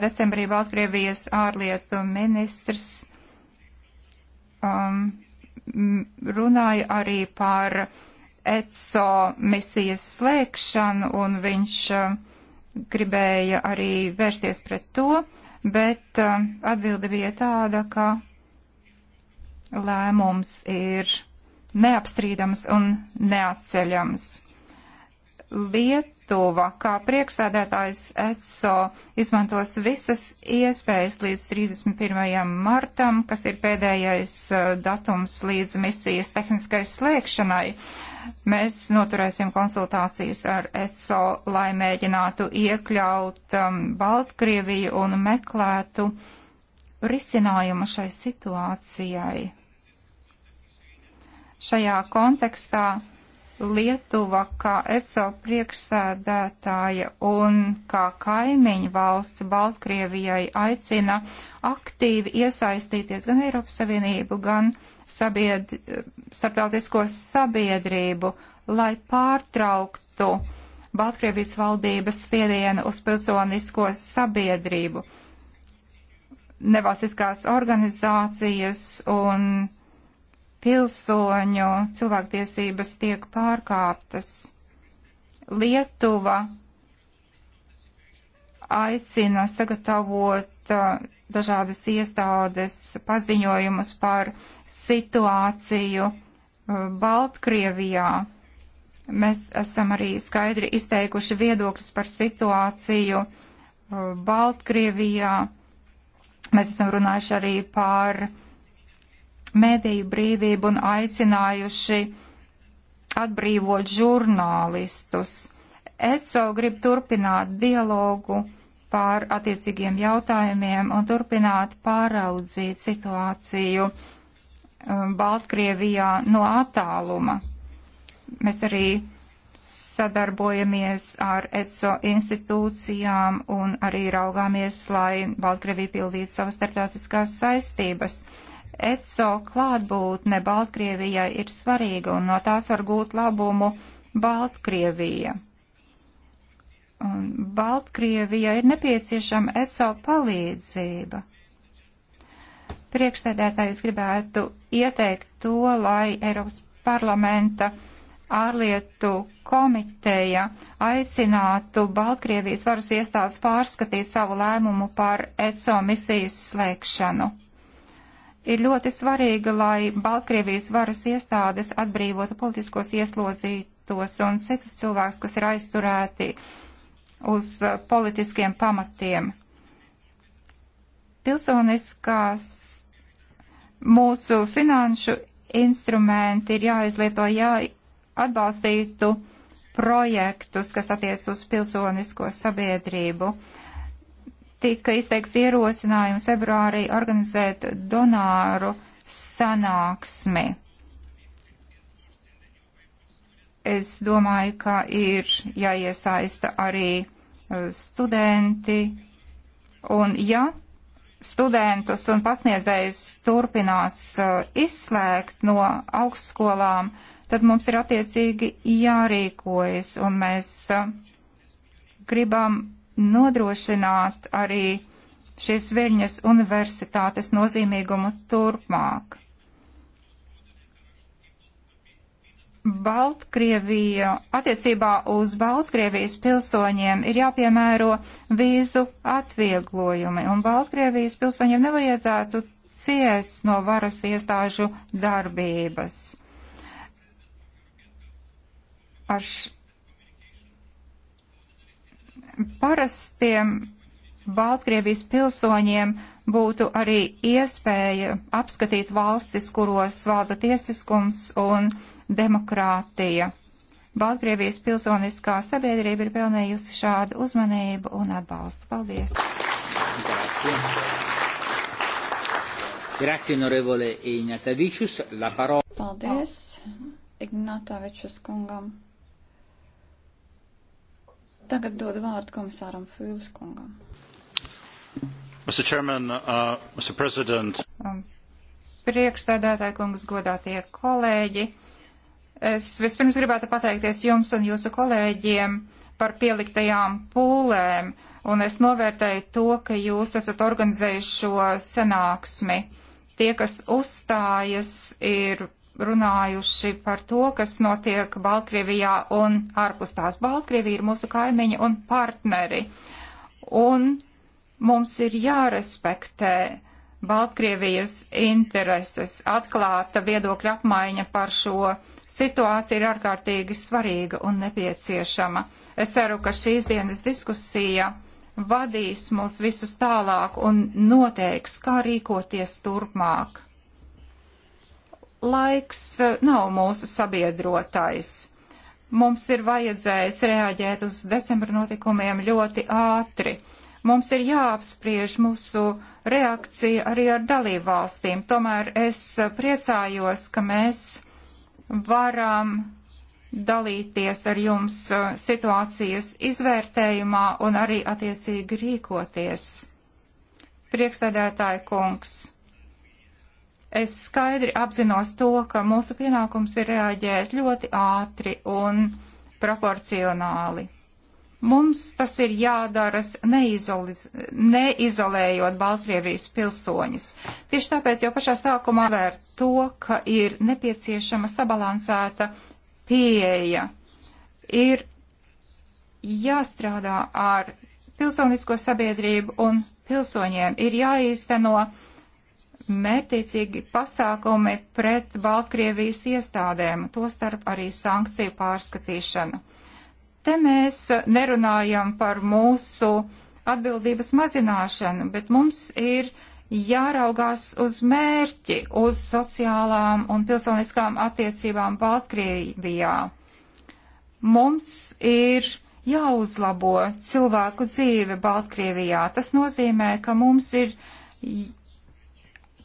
Speaker 2: decembrī Baltkrievijas ārlietu ministrs um, runāja arī par ECO misijas slēgšanu, un viņš uh, gribēja arī vērsties pret to, bet uh, atbilde bija tāda, ka lēmums ir neapstrīdams un neatceļams. Lietuva, kā prieksēdētājs ECO, izmantos visas iespējas līdz 31. martam, kas ir pēdējais uh, datums līdz misijas tehniskai slēgšanai. Mēs noturēsim konsultācijas ar ECO, lai mēģinātu iekļaut um, Baltkrieviju un meklētu uh, risinājumu šai situācijai. Šajā kontekstā Lietuva kā ECO priekšsēdētāja un kā kaimiņu valsts Baltkrievijai aicina aktīvi iesaistīties gan Eiropas Savienību, gan sabied, starptautisko sabiedrību, lai pārtrauktu Baltkrievijas valdības spiedienu uz pilsonisko sabiedrību nevalstiskās organizācijas un pilsoņu cilvēktiesības tiek pārkāptas. Lietuva aicina sagatavot uh, dažādas iestādes paziņojumus par situāciju uh, Baltkrievijā. Mēs esam arī skaidri izteikuši viedokļus par situāciju uh, Baltkrievijā. Uh, Mēs esam runājuši arī par mēdīju brīvību un aicinājuši atbrīvot žurnālistus. ECO grib turpināt dialogu pār attiecīgiem jautājumiem un turpināt pāraudzīt situāciju um, Baltkrievijā no attāluma. Mēs arī sadarbojamies ar ECO institūcijām un arī raugāmies, lai Baltkrievija pildītu savas starptautiskās saistības. ECO klātbūtne Baltkrievijai ir svarīga un no tās var gūt labumu Baltkrievija. Un Baltkrievijai ir nepieciešama ECO palīdzība priekšsēdētājs gribētu ieteikt to, lai Eiropas parlamenta ārlietu komiteja aicinātu Baltkrievijas varas iestādes pārskatīt savu lēmumu par ECO misijas slēgšanu. Ir ļoti svarīgi, lai Baltkrievijas varas iestādes atbrīvotu politiskos ieslodzītos un citus cilvēkus, kas ir aizturēti uz uh, politiskiem pamatiem. Pilsoniskās mūsu finanšu instrumenti ir jāizlieto, jā, atbalstītu projektus, kas attiec uz pilsonisko sabiedrību. Tika izteikts ierosinājums februārī organizēt donāru sanāksmi. Es domāju, ka ir jāiesaista arī uh, studenti. Un ja studentus un pasniedzējus turpinās uh, izslēgt no augstskolām, uh, tad mums ir attiecīgi jārīkojas, un mēs gribam nodrošināt arī šīs Viļņas universitātes nozīmīgumu turpmāk. Baltkrievija, attiecībā uz Baltkrievijas pilsoņiem ir jāpiemēro vīzu atvieglojumi, un Baltkrievijas pilsoņiem nevajadzētu ciest no varas iestāžu darbības ar š... parastiem Baltkrievijas pilsoņiem būtu arī iespēja apskatīt valstis, kuros valda tiesiskums un demokrātija. Baltkrievijas pilsoniskā sabiedrība ir pelnījusi šādu uzmanību un atbalstu.
Speaker 3: Paldies!
Speaker 1: Grazie. Grazie, onorevole Ignatavičus. La parola. Paldies,
Speaker 3: Ignatavičus kungam. Tagad dodu vārdu komisāram Fīles
Speaker 5: kungam. Mr. Chairman, uh, Mr. President.
Speaker 3: Um,
Speaker 2: priekšstādātāji kungs, godātie kolēģi. Es vispirms gribētu pateikties jums un jūsu kolēģiem par pieliktajām pūlēm, un es novērtēju to, ka jūs esat organizējuši šo sanāksmi. Tie, kas uzstājas, ir runājuši par to, kas notiek Baltkrievijā un ārpus tās. Baltkrievija ir mūsu kaimiņi un partneri. Un mums ir jārespektē Baltkrievijas intereses. Atklāta viedokļa apmaiņa par šo situāciju ir ārkārtīgi svarīga un nepieciešama. Es ceru, ka šīs dienas diskusija vadīs mūs visus tālāk un noteiks, kā rīkoties turpmāk laiks eh, nav mūsu sabiedrotais. Mums ir vajadzējis reaģēt uz decembra notikumiem ļoti ātri. Mums ir jāapspriež mūsu reakcija arī ar dalībvalstīm. Tomēr es priecājos, ka mēs varam dalīties ar jums eh, situācijas izvērtējumā un arī attiecīgi rīkoties. Priekšstādētāja kungs, Es skaidri apzinos to, ka mūsu pienākums ir reaģēt ļoti ātri un proporcionāli. Mums tas ir jādara neizolējot Baltkrievijas pilsoņus. Tieši tāpēc jau pašā sākumā vēr to, ka ir nepieciešama sabalansēta pieeja. Ir jāstrādā ar pilsonisko sabiedrību un pilsoņiem. Ir jāīsteno mērtiecīgi pasākumi pret Baltkrievijas iestādēm, tostarp arī sankciju pārskatīšanu. Te mēs nerunājam par mūsu atbildības mazināšanu, bet mums ir jāraugās uz mērķi, uz sociālām un pilsoniskām attiecībām Baltkrievijā. Mums ir jāuzlabo cilvēku dzīve Baltkrievijā. Tas nozīmē, ka mums ir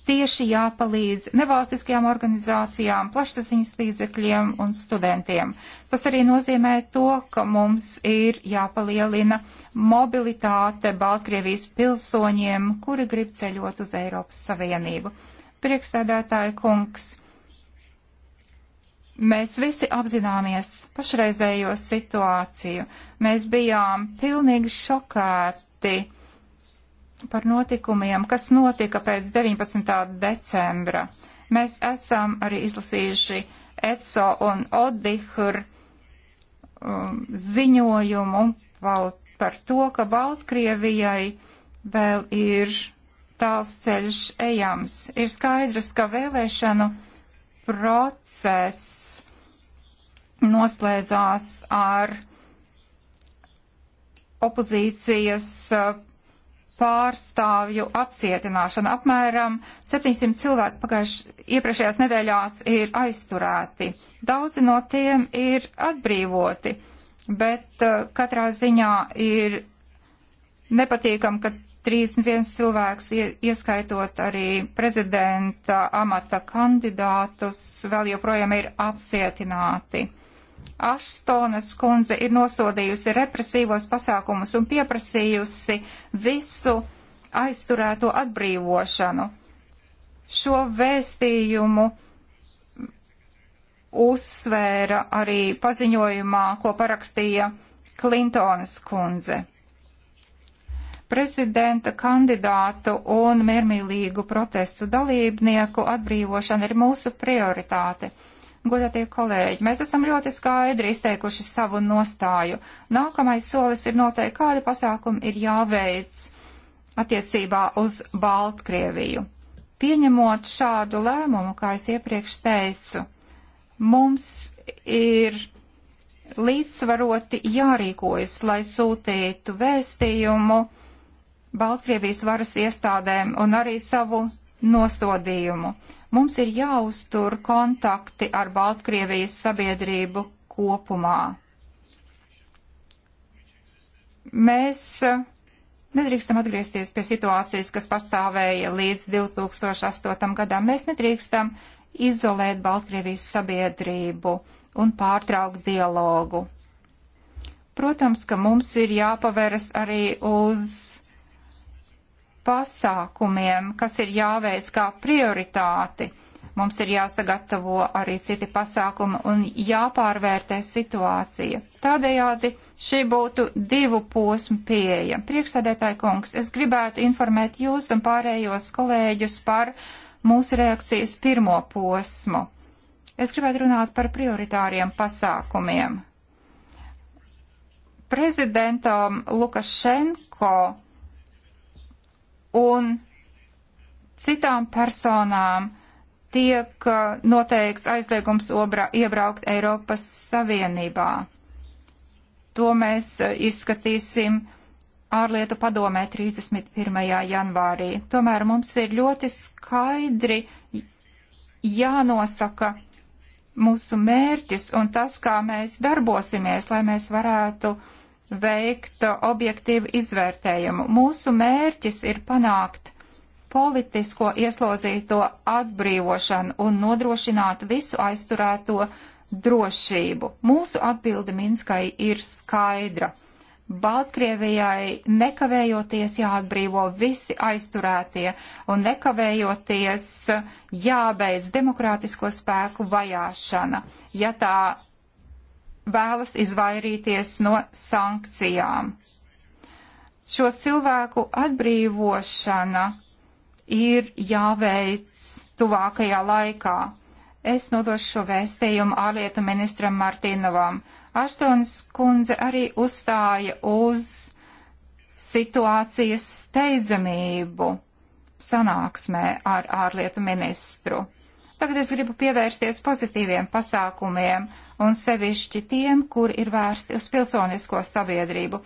Speaker 2: tieši jāpalīdz nevalstiskajām organizācijām, plašsaziņas līdzekļiem un studentiem. Tas arī nozīmē to, ka mums ir jāpalielina mobilitāte Baltkrievijas pilsoņiem, kuri grib ceļot uz Eiropas Savienību. Priekšsēdētāja kungs, mēs visi apzināmies pašreizējo situāciju. Mēs bijām pilnīgi šokēti par notikumiem, kas notika pēc 19. decembra. Mēs esam arī izlasījuši ECO un ODIHR um, ziņojumu par to, ka Baltkrievijai vēl ir tāls ceļš ejams. Ir skaidrs, ka vēlēšanu process noslēdzās ar opozīcijas uh, pārstāvju apcietināšana. Apmēram 700 cilvēku pagājuši iepriekšējās nedēļās ir aizturēti. Daudzi no tiem ir atbrīvoti, bet uh, katrā ziņā ir nepatīkam, ka 31 cilvēks, ieskaitot arī prezidenta amata kandidātus, vēl joprojām ir apcietināti. Aštonas kundze ir nosodījusi represīvos pasākumus un pieprasījusi visu aizturēto atbrīvošanu. Šo vēstījumu uzsvēra arī paziņojumā, ko parakstīja Klintonas kundze. Prezidenta kandidātu un miermīlīgu protestu dalībnieku atbrīvošana ir mūsu prioritāte. Godātie kolēģi, mēs esam ļoti skaidri izteikuši savu nostāju. Nākamais solis ir noteikti, kādi pasākumi ir jāveic attiecībā uz Baltkrieviju. Pieņemot šādu lēmumu, kā es iepriekš teicu, mums ir līdzsvaroti jārīkojas, lai sūtītu vēstījumu Baltkrievijas varas iestādēm un arī savu nosodījumu. Mums ir jāuztur kontakti ar Baltkrievijas sabiedrību kopumā. Mēs eh, nedrīkstam atgriezties pie situācijas, kas pastāvēja līdz 2008. gadam. Mēs nedrīkstam izolēt Baltkrievijas sabiedrību un pārtraukt dialogu. Protams, ka mums ir jāpaveras arī uz pasākumiem, kas ir jāveic kā prioritāti. Mums ir jāsagatavo arī citi pasākumi un jāpārvērtē situācija. Tādējādi šī būtu divu posmu pieeja. Priekšsēdētāji kungs, es gribētu informēt jūs un pārējos kolēģus par mūsu reakcijas pirmo posmu. Es gribētu runāt par prioritāriem pasākumiem. Prezidentam Lukašenko un citām personām tiek uh, noteikts aizliegums obra, iebraukt Eiropas Savienībā. To mēs uh, izskatīsim ārlietu padomē 31. janvārī. Tomēr mums ir ļoti skaidri jānosaka mūsu mērķis un tas, kā mēs darbosimies, lai mēs varētu uh, veikt objektīvu izvērtējumu. Mūsu mērķis ir panākt politisko ieslodzīto atbrīvošanu un nodrošināt visu aizturēto drošību. Mūsu atbilde Minskai ir skaidra. Baltkrievijai nekavējoties jāatbrīvo visi aizturētie un nekavējoties jābeidz demokrātisko spēku vajāšana. Ja tā vēlas izvairīties no sankcijām. Šo cilvēku atbrīvošana ir jāveic tuvākajā laikā. Es nodošu šo vēstījumu ārlietu ministram Martinovam. Aštons kundze arī uzstāja uz situācijas steidzamību sanāksmē ar ārlietu ministru. Tagad es gribu pievērsties pozitīviem pasākumiem un sevišķi tiem, kur ir vērsti uz pilsonisko sabiedrību.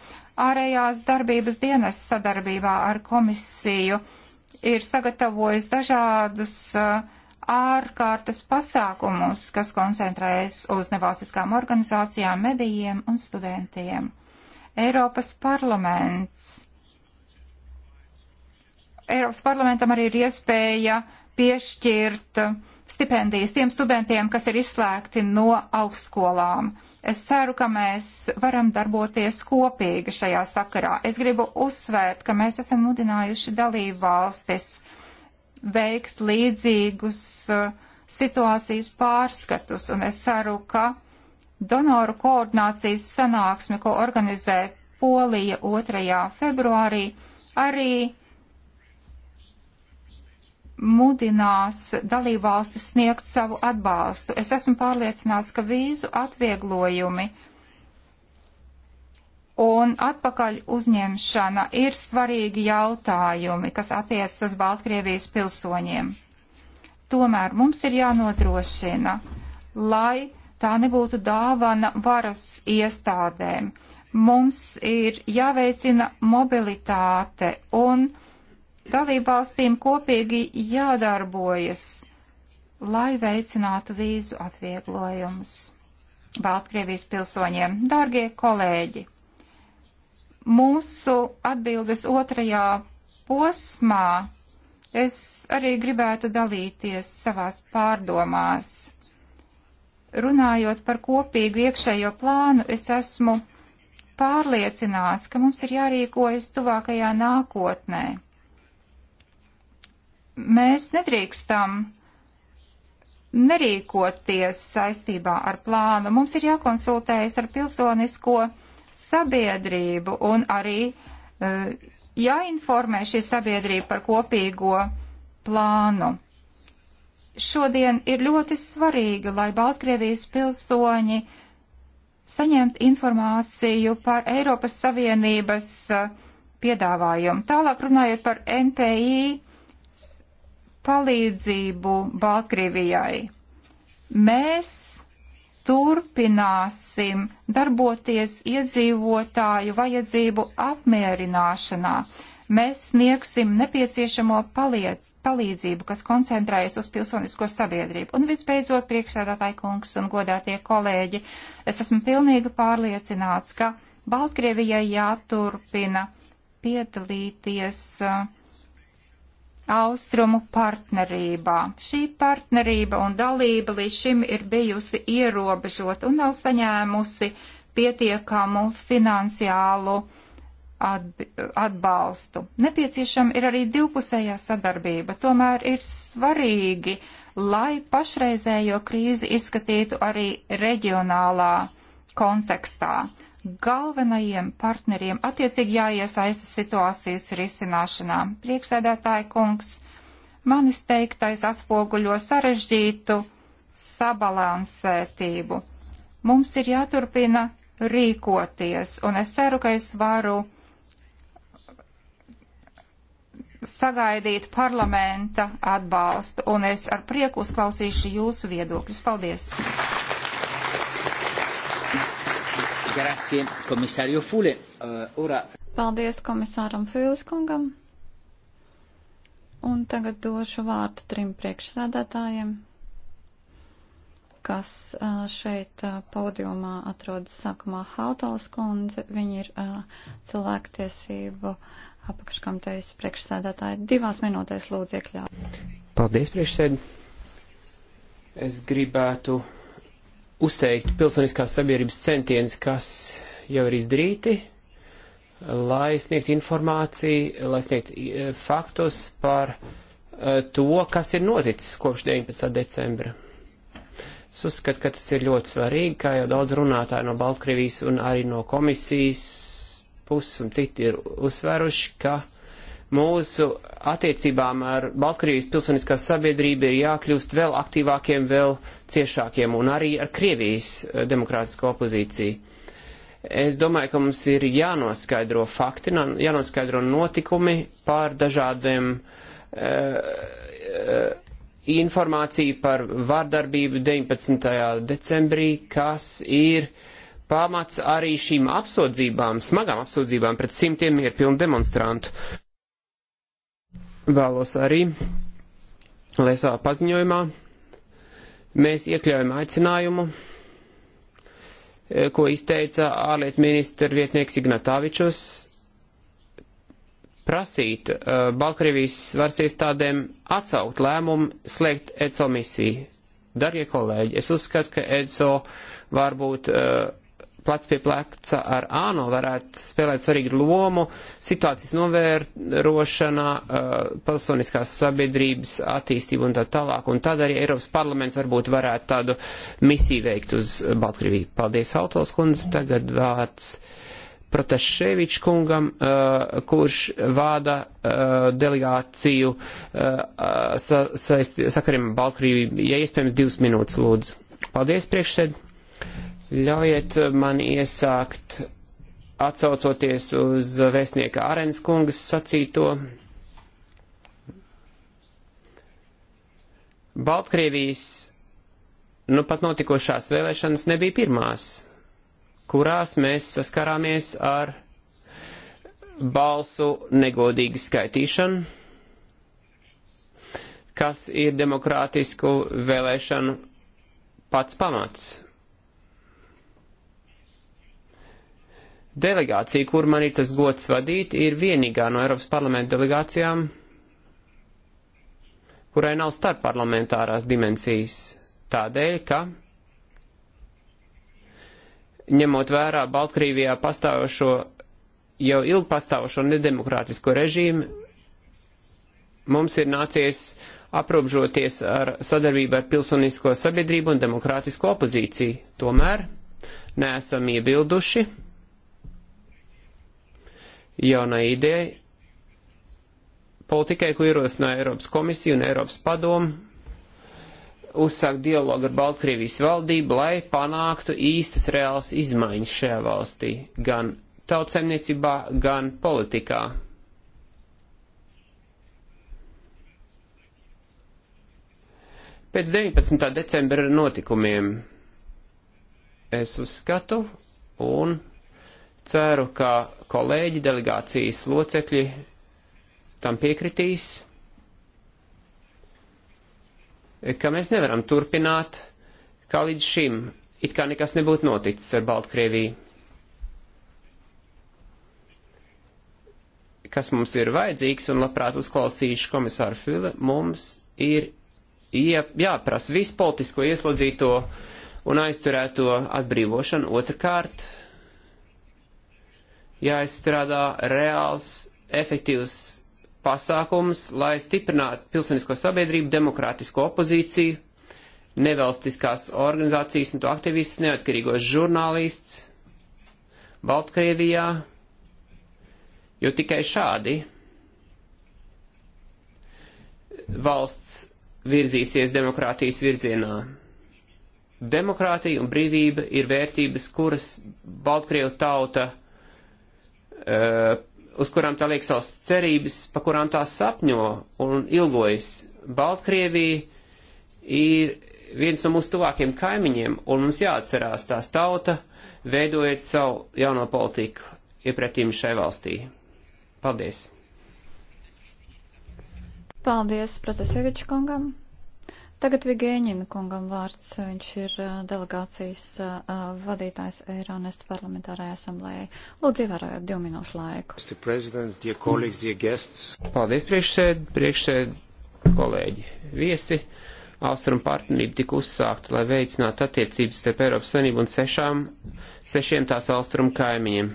Speaker 2: Ārējās darbības dienas sadarbībā ar komisiju ir sagatavojis dažādus uh, ārkārtas pasākumus, kas koncentrējas uz nevalstiskām organizācijām, medijiem un studentiem. Eiropas parlaments. Eiropas parlamentam arī ir iespēja piešķirt uh, stipendijas tiem studentiem, kas ir izslēgti no augstskolām. Es ceru, ka mēs varam darboties kopīgi šajā sakarā. Es gribu uzsvērt, ka mēs esam mudinājuši dalību valstis veikt līdzīgus uh, situācijas pārskatus, un es ceru, ka donoru koordinācijas sanāksme, ko organizē Polija 2. februārī, arī mudinās dalībvalstis sniegt savu atbalstu. Es esmu pārliecināts, ka vīzu atvieglojumi un atpakaļ uzņemšana ir svarīgi jautājumi, kas attiecas uz Baltkrievijas pilsoņiem. Tomēr mums ir jānodrošina, lai tā nebūtu dāvana varas iestādēm. Mums ir jāveicina mobilitāte un mobilitāte Dalībvalstīm kopīgi jādarbojas, lai veicinātu vīzu atvieglojumus Baltkrievijas pilsoņiem. Dārgie kolēģi, mūsu atbildes otrajā posmā es arī gribētu dalīties savās pārdomās. Runājot par kopīgu iekšējo plānu, es esmu pārliecināts, ka mums ir jārīkojas tuvākajā nākotnē mēs nedrīkstam nerīkoties saistībā ar plānu. Mums ir jākonsultējas ar pilsonisko sabiedrību un arī uh, jāinformē šī sabiedrība par kopīgo plānu. Šodien ir ļoti svarīgi, lai Baltkrievijas pilsoņi saņemtu informāciju par Eiropas Savienības e, piedāvājumu. Tālāk runājot par NPI, palīdzību Baltkrievijai. Mēs turpināsim darboties iedzīvotāju vajadzību apmierināšanā. Mēs sniegsim nepieciešamo paliet, palīdzību, kas koncentrējas uz pilsonisko sabiedrību. Un visbeidzot, priekšsēdātāji kungs un godātie kolēģi, es esmu pilnīgi pārliecināts, ka Baltkrievijai jāturpina piedalīties uh, austrumu partnerībā. Šī partnerība un dalība līdz šim ir bijusi ierobežot un nav saņēmusi pietiekamu finansiālu atbalstu. Nepieciešama ir arī divpusējā sadarbība, tomēr ir svarīgi, lai pašreizējo krīzi izskatītu arī reģionālā kontekstā galvenajiem partneriem attiecīgi jāiesaista situācijas risināšanā. Priekšsēdētāja kungs, manis teiktais atspoguļo sarežģītu sabalansētību. Mums ir jāturpina rīkoties, un es ceru, ka es varu sagaidīt parlamenta atbalstu, un es ar prieku uzklausīšu jūsu viedokļus. Paldies!
Speaker 1: Grazie, komisārio Fule. Uh, ora...
Speaker 3: Paldies komisāram Fīliskungam. Un tagad došu vārdu trim priekšsēdētājiem, kas eh, šeit eh, podiumā atrodas sākumā Hautalas kundze. Viņa ir cilvēktiesību apakškomitejas priekšsēdētāja. Divās minūtēs lūdzu iekļaut.
Speaker 4: Paldies, priekšsēd. Es gribētu uzteikt pilsoniskās sabiedrības centienus, kas jau ir izdarīti, lai sniegtu informāciju, lai sniegtu e, faktus par e, to, kas ir noticis kopš 19. decembra. Es uzskatu, ka tas ir ļoti svarīgi, kā jau daudz runātāji no Baltkrievijas un arī no komisijas puses un citi ir uzsveruši, ka Mūsu attiecībām ar Baltkrievijas pilsoniskā sabiedrība ir jākļūst vēl aktīvākiem, vēl ciešākiem, un arī ar Krievijas eh, demokrātisko opozīciju. Es domāju, ka mums ir jānoskaidro fakti, jānoskaidro notikumi pār dažādiem uh, informāciju par vārdarbību 19. decembrī, kas ir pamats arī šīm apsūdzībām, smagām apsūdzībām pret simtiem mierpilnu demonstrantu. Vēlos arī, lai savā paziņojumā mēs iekļaujam aicinājumu, eh, ko izteica ārlietu ministra vietnieks Ignatāvičus, prasīt uh, Baltkrievijas varas iestādēm atsaukt lēmumu slēgt ECO misiju. Darbie kolēģi, es uzskatu, ka ECO varbūt uh, plec pie pleca ar ANO varētu spēlēt svarīgu lomu situācijas novērošanā, eh, pilsoniskās sabiedrības attīstību un tā tālāk. Un tad arī Eiropas parlaments varbūt varētu tādu misiju veikt uz Baltkrieviju. Paldies, Autols kundze. Tagad vārds Protaševičs kungam, eh, kurš vāda eh, delegāciju sa sakariem Baltkrieviju. Ja iespējams, divas minūtes lūdzu. Paldies, priekšsēd. Ļaujiet man iesākt atsaucoties uz vēstnieka Arens kungas sacīto. Baltkrievijas nu pat notikošās vēlēšanas nebija pirmās, kurās mēs saskarāmies ar balsu negodīgu skaitīšanu, kas ir demokrātisku vēlēšanu pats pamats. Delegācija, kur man ir tas gods vadīt, ir vienīgā no Eiropas parlamenta delegācijām, kurai nav starpparlamentārās dimensijas. Tādēļ, ka ņemot vērā Baltkrievijā pastāvošo, jau ilgi pastāvošo nedemokrātisko režīmu, mums ir nācies aprobežoties ar sadarbību ar pilsonisko sabiedrību un demokrātisko opozīciju. Tomēr neesam iebilduši jaunai idejai, politikai, ko ierosināja Eiropas komisija un Eiropas padomu, uzsākt dialogu ar Baltkrievijas valdību, lai panāktu īstas reāls izmaiņas šajā valstī, gan tautsemniecībā, gan politikā. Pēc 19. decembra notikumiem es uzskatu un Ceru, ka kolēģi, delegācijas locekļi tam piekritīs, ka mēs nevaram turpināt kā līdz šim, it kā nekas nebūtu noticis ar Baltkrieviju. Kas mums ir vajadzīgs, un labprāt uzklausīšu komisāru Fili, mums ir jāprasa vispolitisko ieslodzīto un aizturēto atbrīvošanu otrkārt jāizstrādā reāls, efektīvs pasākums, lai stiprinātu pilsonisko sabiedrību, demokrātisko opozīciju, nevalstiskās organizācijas un to aktivistus, neatkarīgos žurnālists Baltkrievijā, jo tikai šādi valsts virzīsies demokrātijas virzienā. Demokrātija un brīvība ir vērtības, kuras Baltkrievu tauta Uh, uz kurām tā liek savas cerības, pa kurām tā sapņo un ilgojas. Baltkrievija ir viens no mūsu tuvākiem kaimiņiem, un mums jāatcerās tās tauta, veidojot savu jauno politiku iepretīm šai valstī. Paldies!
Speaker 3: Paldies Protaseviču kungam! Tagad Vigēņina kungam vārds. Viņš ir delegācijas vadītājs Eironest parlamentārajā asamblējai. Lūdzu, ievērojot divu minūšu laiku.
Speaker 4: Paldies, priekšsēd, priekšsēd, kolēģi, viesi. Austrum partnerība tika uzsākta, lai veicinātu attiecības starp Eiropas Savienību un sešām, sešiem tās austrumu kaimiņiem.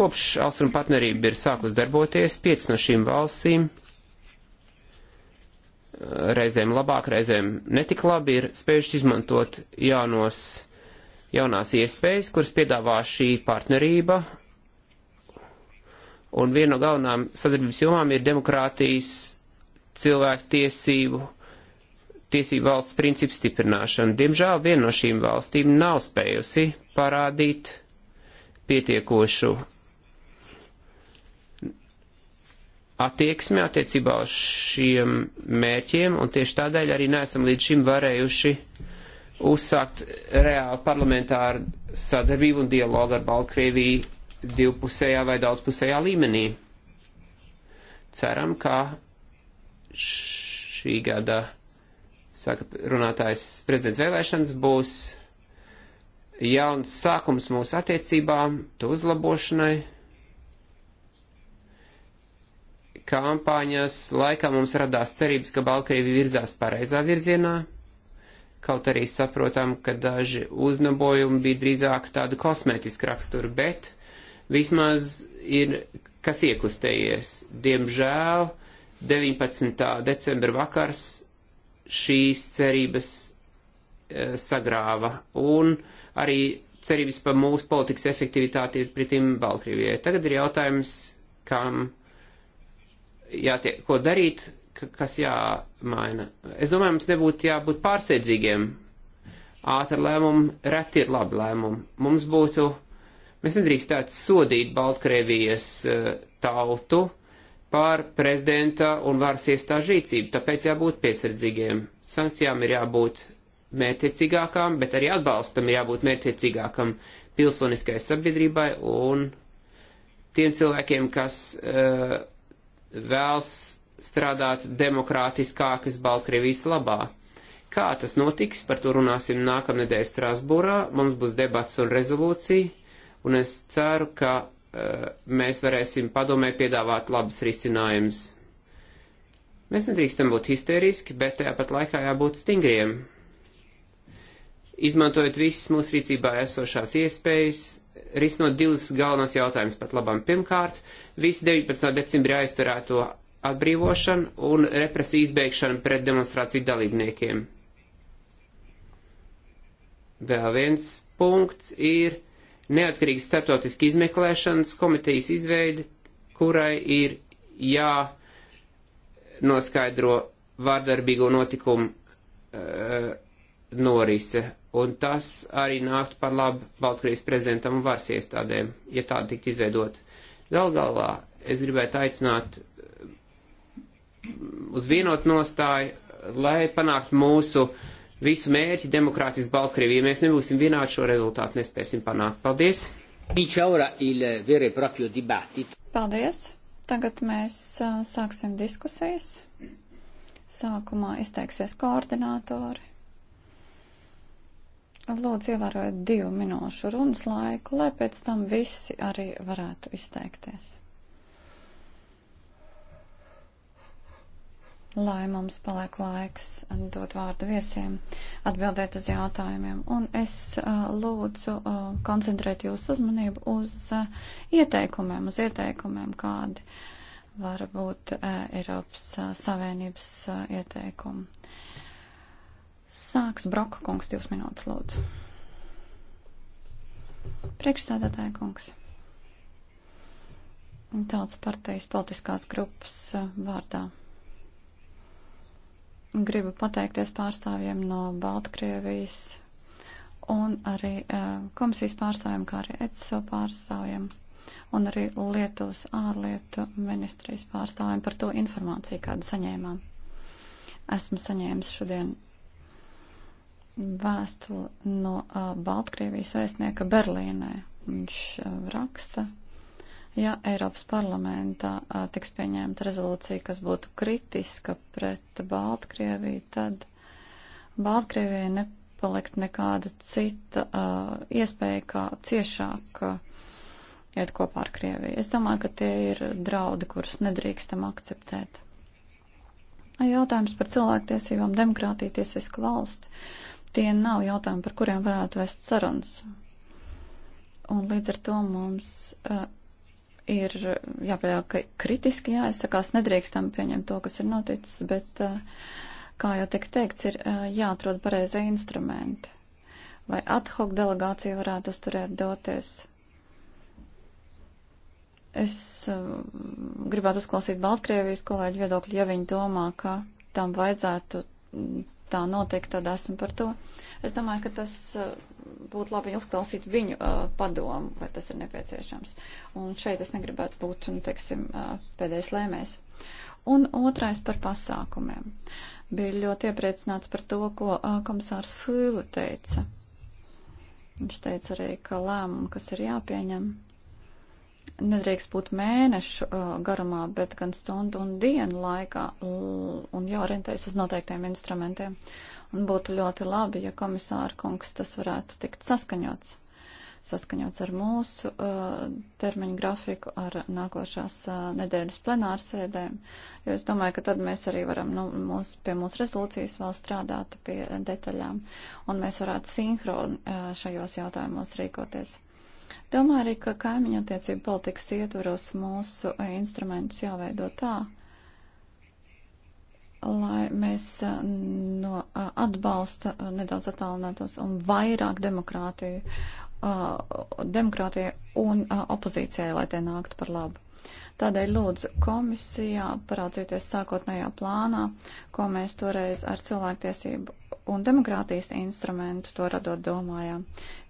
Speaker 4: Kopš Austrum partnerība ir sākus darboties, piec no šīm valstīm reizēm labāk, reizēm netik labi ir spējuši izmantot jaunos, jaunās iespējas, kuras piedāvā šī partnerība. Un viena no galvenām sadarbības jomām ir demokrātijas, cilvēku tiesību, tiesību valsts principu stiprināšana. Diemžēl viena no šīm valstīm nav spējusi parādīt pietiekošu attieksmi attiecībā uz šiem mērķiem, un tieši tādēļ arī neesam līdz šim varējuši uzsākt reāli parlamentāru sadarbību un dialogu ar Baltkrieviju divpusējā vai daudzpusējā līmenī. Ceram, ka šī gada, saka runātājs prezidents vēlēšanas, būs jauns sākums mūsu attiecībām, to uzlabošanai kampaņas laikā mums radās cerības, ka Balkrievi virzās pareizā virzienā, kaut arī saprotam, ka daži uznabojumi bija drīzāk tāda kosmētiska rakstura, bet vismaz ir kas iekustējies. Diemžēl 19. decembra vakars šīs cerības e, sagrāva un arī cerības par mūsu politikas efektivitāti ir pritim Baltkrievijai. Tagad ir jautājums, kam jātiek, ko darīt, kas jāmaina. Es domāju, mums nebūtu jābūt pārsteidzīgiem. Ātri lēmumi reti ir labi lēmumi. Mums būtu, mēs nedrīkstētu sodīt Baltkrievijas uh, tautu par prezidenta un varas iestāžu rīcību, tāpēc jābūt piesardzīgiem. Sankcijām ir jābūt mērķiecīgākām, bet arī atbalstam ir jābūt mērķiecīgākam pilsoniskai sabiedrībai un tiem cilvēkiem, kas uh, vēlas strādāt demokrātiskākas Baltkrievijas labā. Kā tas notiks, par to runāsim nākamnedēļ Strasbūrā. Mums būs debats un rezolūcija, un es ceru, ka uh, mēs varēsim padomē piedāvāt labus risinājumus. Mēs nedrīkstam būt histēriski, bet tāpat laikā jābūt stingriem. Izmantojot visas mūsu rīcībā esošās iespējas, risinot divus galvenos jautājumus pat labam. Pirmkārt, uh, Visi 19. decembrī aizturēto atbrīvošanu un represiju izbeigšanu pret demonstrāciju dalībniekiem. Vēl viens punkts ir neatkarīgas starptautiski izmeklēšanas komitejas izveidi, kurai ir jānoskaidro vārdarbīgo notikumu uh, norise, un tas arī nākt par labu Baltkrievis prezidentam un varas iestādēm, ja tāda tikt izveidot. Gal galā es gribētu aicināt mm, uz vienotu nostāju, lai panāktu mūsu visu mērķi demokrātiski Baltkrievijai. Mēs nebūsim vienādi šo rezultātu, nespēsim panākt. Paldies!
Speaker 3: Paldies! Tagad mēs sāksim diskusijas. Sākumā izteiksies koordinātori. Lūdzu, ievērojiet divu minūšu runas laiku, lai pēc tam visi arī varētu izteikties. Lai mums paliek laiks dot vārdu viesiem, atbildēt uz jautājumiem. Un es uh, lūdzu uh, koncentrēt jūsu uzmanību uz uh, ieteikumiem, uz ieteikumiem, kādi var būt uh, Eiropas uh, Savienības uh, ieteikumi. Uh, Sāks Broka kungs, divas minūtes lūdzu. Priekšsēdētāja kungs. Tautas partijas politiskās grupas eh, vārdā. Gribu pateikties pārstāvjiem no Baltkrievijas un arī eh, komisijas pārstāvjiem, kā arī ECO pārstāvjiem un arī Lietuvas ārlietu ministrijas pārstāvjiem par to informāciju, kādu saņēmām. Esmu saņēmis šodien vēstuli no uh, Baltkrievijas vēstnieka Berlīnē. Viņš uh, raksta, ja Eiropas parlamentā uh, tiks pieņemta rezolūcija, kas būtu kritiska pret Baltkrieviju, tad Baltkrievijai nepalikt nekāda cita uh, iespēja, kā ciešāk uh, iet kopā ar Krieviju. Es domāju, ka tie ir draudi, kurus nedrīkstam akceptēt. Jautājums par cilvēktiesībām, demokrātītiesisku valsti. Uh, tie nav jautājumi, par kuriem varētu vest sarunas. Un līdz ar to mums uh, ir jāpieļauj, ka kritiski jāizsakās, nedrīkstam pieņemt to, kas ir noticis, bet, uh, kā jau tika teikts, ir uh, jāatrod pareizie instrumenti. Vai ad hoc delegācija varētu uz turēt doties? Es uh, gribētu uzklausīt Baltkrievijas kolēģi viedokļu, ja viņi domā, ka tam vajadzētu tā notiek, tad esmu par to. Es domāju, ka tas uh, būtu labi uzklausīt viņu uh, padomu, vai tas ir nepieciešams. Un šeit es negribētu būt, nu, teiksim, uh, pēdējais lēmējs. Un otrais par pasākumiem. Bija ļoti iepriecināts par to, ko uh, komisārs Fūle teica. Viņš teica arī, ka lēmumu, kas ir jāpieņem, nedrīkst būt mēnešu uh, garumā, bet gan stundu un dienu laikā un jāorientējas uz noteiktiem instrumentiem. Un būtu ļoti labi, ja komisāra kungs tas varētu tikt saskaņots. Saskaņots ar mūsu uh, termiņu grafiku, ar nākošās uh, nedēļas plenārsēdēm, jo es domāju, ka tad mēs arī varam nu, mūs, pie mūsu rezolūcijas vēl strādāt pie detaļām, un mēs varētu sinhroni uh, šajos jautājumos rīkoties Domāju arī, ka kaimiņu attiecību politikas ietvaros mūsu instrumentus jāveido tā, lai mēs no atbalsta nedaudz attālinātos un vairāk demokrātiju, demokrātiju un opozīcijai, lai tie nāktu par labu. Tādēļ lūdzu komisijā paraudzieties sākotnējā plānā, ko mēs toreiz ar cilvēktiesību un demokrātijas instrumentu to radot domājām,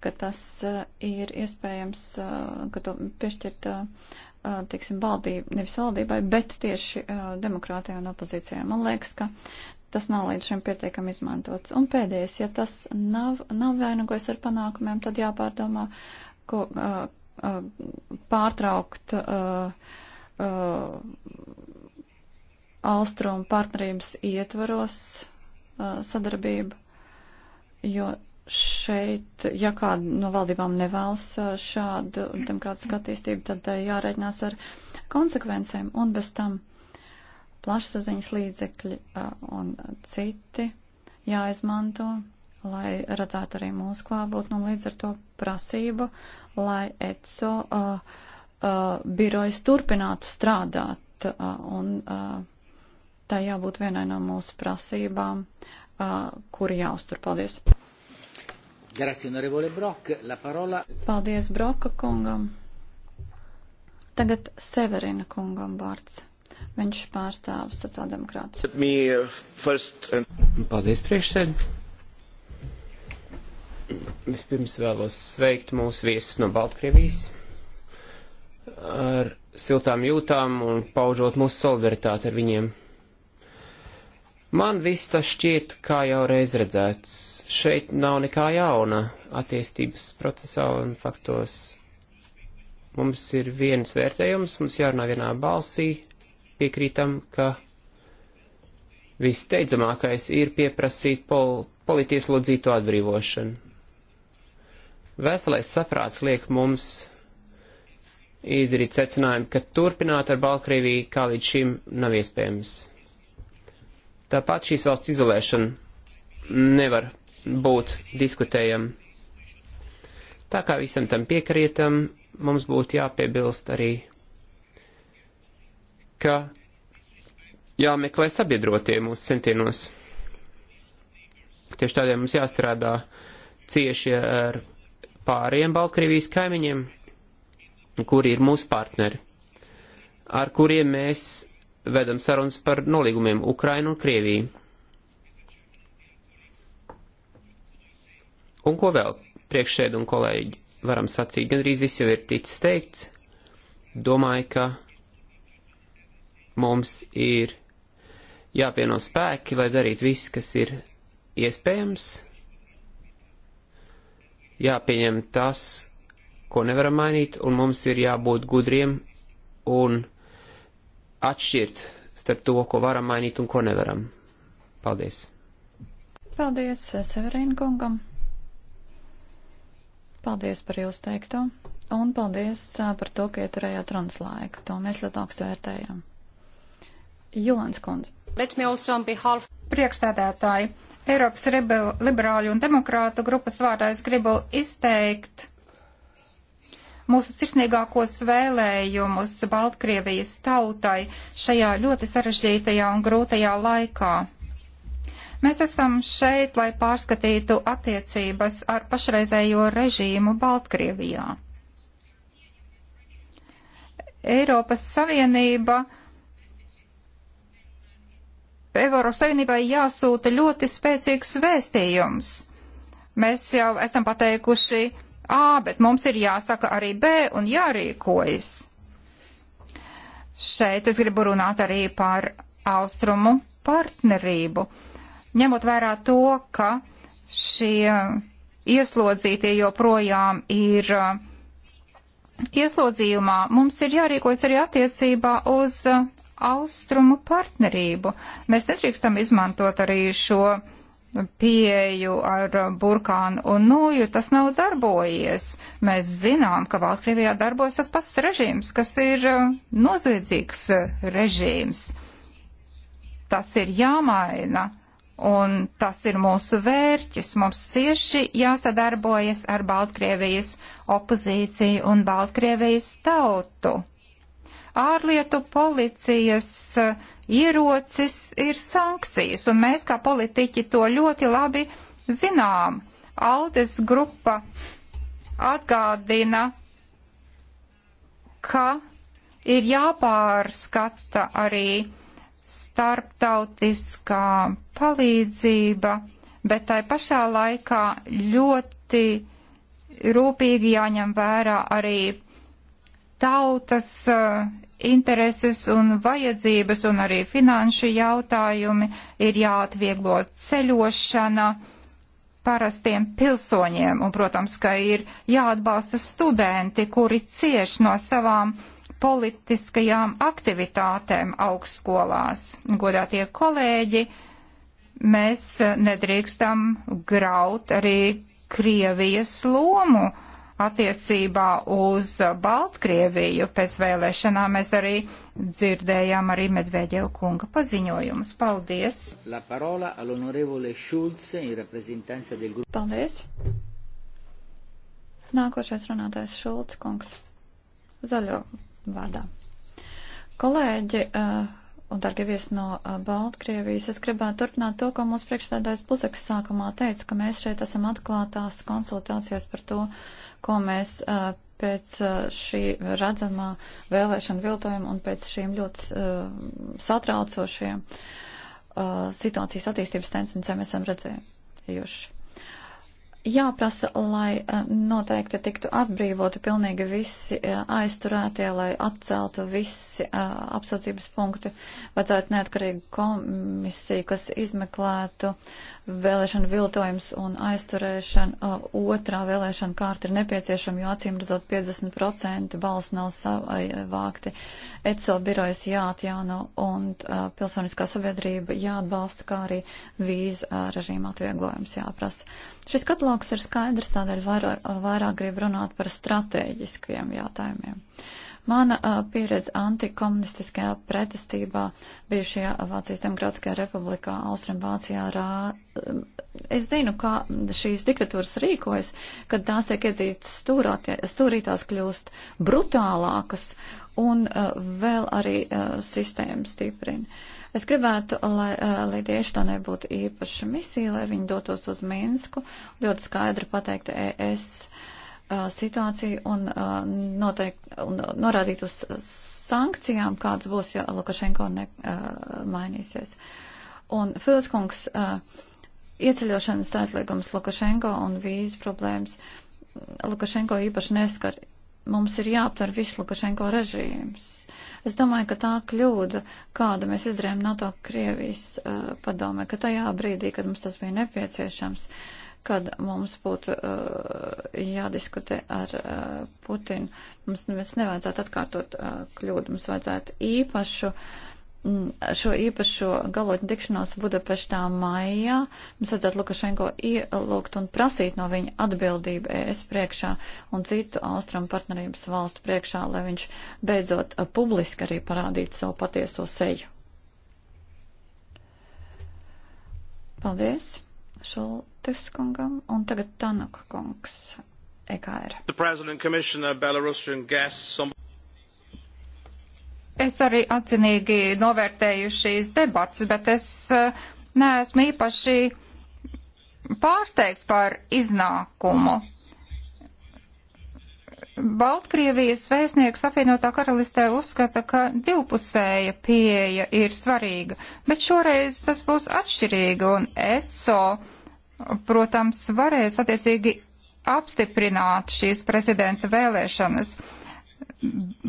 Speaker 3: ka tas uh, ir iespējams, uh, ka to piešķirt, uh, tiksim, valdību, nevis valdībai, bet tieši uh, demokrātijai un opozīcijai. Man liekas, ka tas nav līdz šim pietiekami izmantots. Un pēdējais, ja tas nav, nav vainagojas ar panākumiem, tad jāpārdomā, ko, uh, Uh, pārtraukt uh, uh, austrumu partnerības ietvaros uh, sadarbību, jo šeit, ja kāda no valdībām nevēlas uh, šādu demokrātisku attīstību, tad uh, jāreikinās ar konsekvencēm un bez tam plašsaziņas līdzekļi un citi jāizmanto, lai redzētu arī mūsu klābūtni un līdz ar to prasību lai ECO uh, uh, birojas turpinātu strādāt. Uh, un uh, tā jābūt vienai no mūsu prasībām, uh, kuri jāuztur. Paldies!
Speaker 1: Grazie, onorevole Brok. La parola.
Speaker 3: Paldies Broka kungam. Tagad Severina kungam vārds. Viņš pārstāv sociāldemokrātus.
Speaker 4: Uh, and... Paldies,
Speaker 3: priekšsēdētāji.
Speaker 4: Vispirms vēlos sveikt mūsu viesus no Baltkrievijas ar siltām jūtām un paužot mūsu solidaritāti ar viņiem. Man viss tas šķiet, kā jau reiz redzēts, šeit nav nekā jauna attīstības procesā un faktos. Mums ir viens vērtējums, mums jārunā vienā balsī, piekrītam, ka visteidzamākais ir pieprasīt pol politieslodzīto atbrīvošanu. Veselais saprāts liek mums izdarīt secinājumu, ka turpināt ar Baltkrieviju kā līdz šim nav iespējams. Tāpat šīs valsts izolēšana nevar būt diskutējama. Tā kā visam tam piekrietam, mums būtu jāpiebilst arī, ka jāmeklē sabiedrotie mūsu centienos. Tieši tādēļ mums jāstrādā cieši ar pāriem Baltkrievijas kaimiņiem, kuri ir mūsu partneri, ar kuriem mēs vedam sarunas par nolīgumiem Ukrainu un Krieviju. Un ko vēl priekšsēd un kolēģi varam sacīt? Gan arī viss jau ir ticis teikts. Domāju, ka mums ir jāpieno spēki, lai darītu viss, kas ir iespējams jāpieņem tas, ko nevaram mainīt, un mums ir jābūt gudriem un atšķirt starp to, ko varam mainīt un ko nevaram. Paldies!
Speaker 3: Paldies eh, Severīna kungam! Paldies par jūsu teikto, un paldies eh, par to, ka ieturējāt translaiku. To mēs ļoti augstu vērtējām. Julans kundze.
Speaker 2: Let me also on behalf priekšstādātāji. Eiropas liberāļu un demokrātu grupas vārdā es gribu izteikt mūsu sirsnīgākos vēlējumus Baltkrievijas tautai šajā ļoti sarežģītajā un grūtajā laikā. Mēs esam šeit, lai pārskatītu attiecības ar pašreizējo režīmu Baltkrievijā. Eiropas Savienība Eiropas Savienībai jāsūta ļoti spēcīgs vēstījums. Mēs jau esam pateikuši A, bet mums ir jāsaka arī B un jārīkojas. Šeit es gribu runāt arī par austrumu partnerību, ņemot vērā to, ka šie ieslodzītie joprojām ir uh, ieslodzījumā, mums ir jārīkojas arī attiecībā uz uh, austrumu partnerību. Mēs nedrīkstam izmantot arī šo pieju ar burkānu un nūju, tas nav darbojies. Mēs zinām, ka Baltkrievijā darbojas tas pats režīms, kas ir uh, noziedzīgs uh, režīms. Tas ir jāmaina, un tas ir mūsu vērķis. Mums cieši jāsadarbojas ar Baltkrievijas opozīciju un Baltkrievijas tautu ārlietu policijas eh, ierocis ir sankcijas, un mēs kā politiķi to ļoti labi zinām. Aldes grupa atgādina, ka ir jāpārskata arī starptautiskā palīdzība, bet tai pašā laikā ļoti rūpīgi jāņem vērā arī tautas uh, intereses un vajadzības un arī finanšu jautājumi ir jāatvieglo ceļošana parastiem pilsoņiem, un, protams, ka ir jāatbalsta studenti, kuri cieš no savām politiskajām aktivitātēm augstskolās. Godātie kolēģi, mēs nedrīkstam graut arī Krievijas lomu attiecībā uz Baltkrieviju pēc vēlēšanām mēs arī dzirdējām arī Medveģeva kunga paziņojumus. Paldies!
Speaker 3: Paldies! Nākošais runātājs Šulc kungs. Zaļo vārdā. Kolēģi, uh, un dargi viesi no Baltkrievijas, es gribētu turpināt to, ko mūsu priekšstādājs Buzeks sākumā teica, ka mēs šeit esam atklātās konsultācijās par to, ko mēs pēc šī redzamā vēlēšana viltojuma un pēc šiem ļoti satraucošiem situācijas attīstības tendencēm esam redzējuši jāprasa, lai eh, noteikti tiktu atbrīvoti pilnīgi visi eh, aizturētie, lai atceltu visi eh, apsūdzības punkti. Vajadzētu neatkarīgu komisiju, kas izmeklētu uh, vēlēšana viltojums un aizturēšana uh, otrā vēlēšana kārta ir nepieciešama, jo acīm redzot 50% balsu nav savākti. ECO birojas jāatjauno un uh, pilsoniskā sabiedrība jāatbalsta, kā arī vīza uh, režīma atvieglojums jāprasa. Šis katalogs ir skaidrs, tādēļ vairāk, vairāk grib runāt par strateģiskajiem jātājumiem. Uh, Mana uh, pieredze antikomunistiskajā pretestībā bijušajā Vācijas Demokrātiskajā republikā, Austrum Vācijā rā. Es zinu, kā šīs diktatūras rīkojas, kad tās tiek iedzītas stūrā, tie, stūrītās kļūst brutālākas un uh, vēl arī uh, sistēmu stiprina. Es gribētu, lai uh, Lidija Eštonē būtu īpaša misija, lai viņi dotos uz Minsku, ļoti skaidri pateikt e, ES Uh, situāciju un, uh, noteikti, un norādīt uz sankcijām, kādas būs, ja Lukašenko nemainīsies. Uh, un Filskungs, ieceļošanas aizliegums Lukašenko un vīzu problēmas Lukašenko īpaši neskar. Mums ir jāaptver viss Lukašenko režīms. Es domāju, ka tā kļūda, kāda mēs izdarījām NATO Krievijas uh, padomē, ka tajā brīdī, kad mums tas bija nepieciešams, uh, kad mums būtu uh, jādiskutē ar uh, Putinu. Mums nevis nevajadzētu atkārtot uh, kļūdu, mums vajadzētu īpašu m, mm, šo īpašo galotņu tikšanos Budapeštā maijā. Mums vajadzētu Lukašenko ielūgt un prasīt no viņa atbildību ES priekšā un citu austrumu partnerības valstu priekšā, lai viņš beidzot uh, publiski arī parādītu savu patieso seju. Paldies! Šultes kungam un tagad Tanuk kungs EKR. Es arī atzinīgi
Speaker 2: novērtēju šīs debats, bet es eh, neesmu īpaši pārsteigts par iznākumu. Baltkrievijas vēstnieks apvienotā karalistē uzskata, ka divpusēja pieeja ir svarīga, bet šoreiz tas būs atšķirīga un ECO protams, varēs attiecīgi apstiprināt šīs prezidenta vēlēšanas.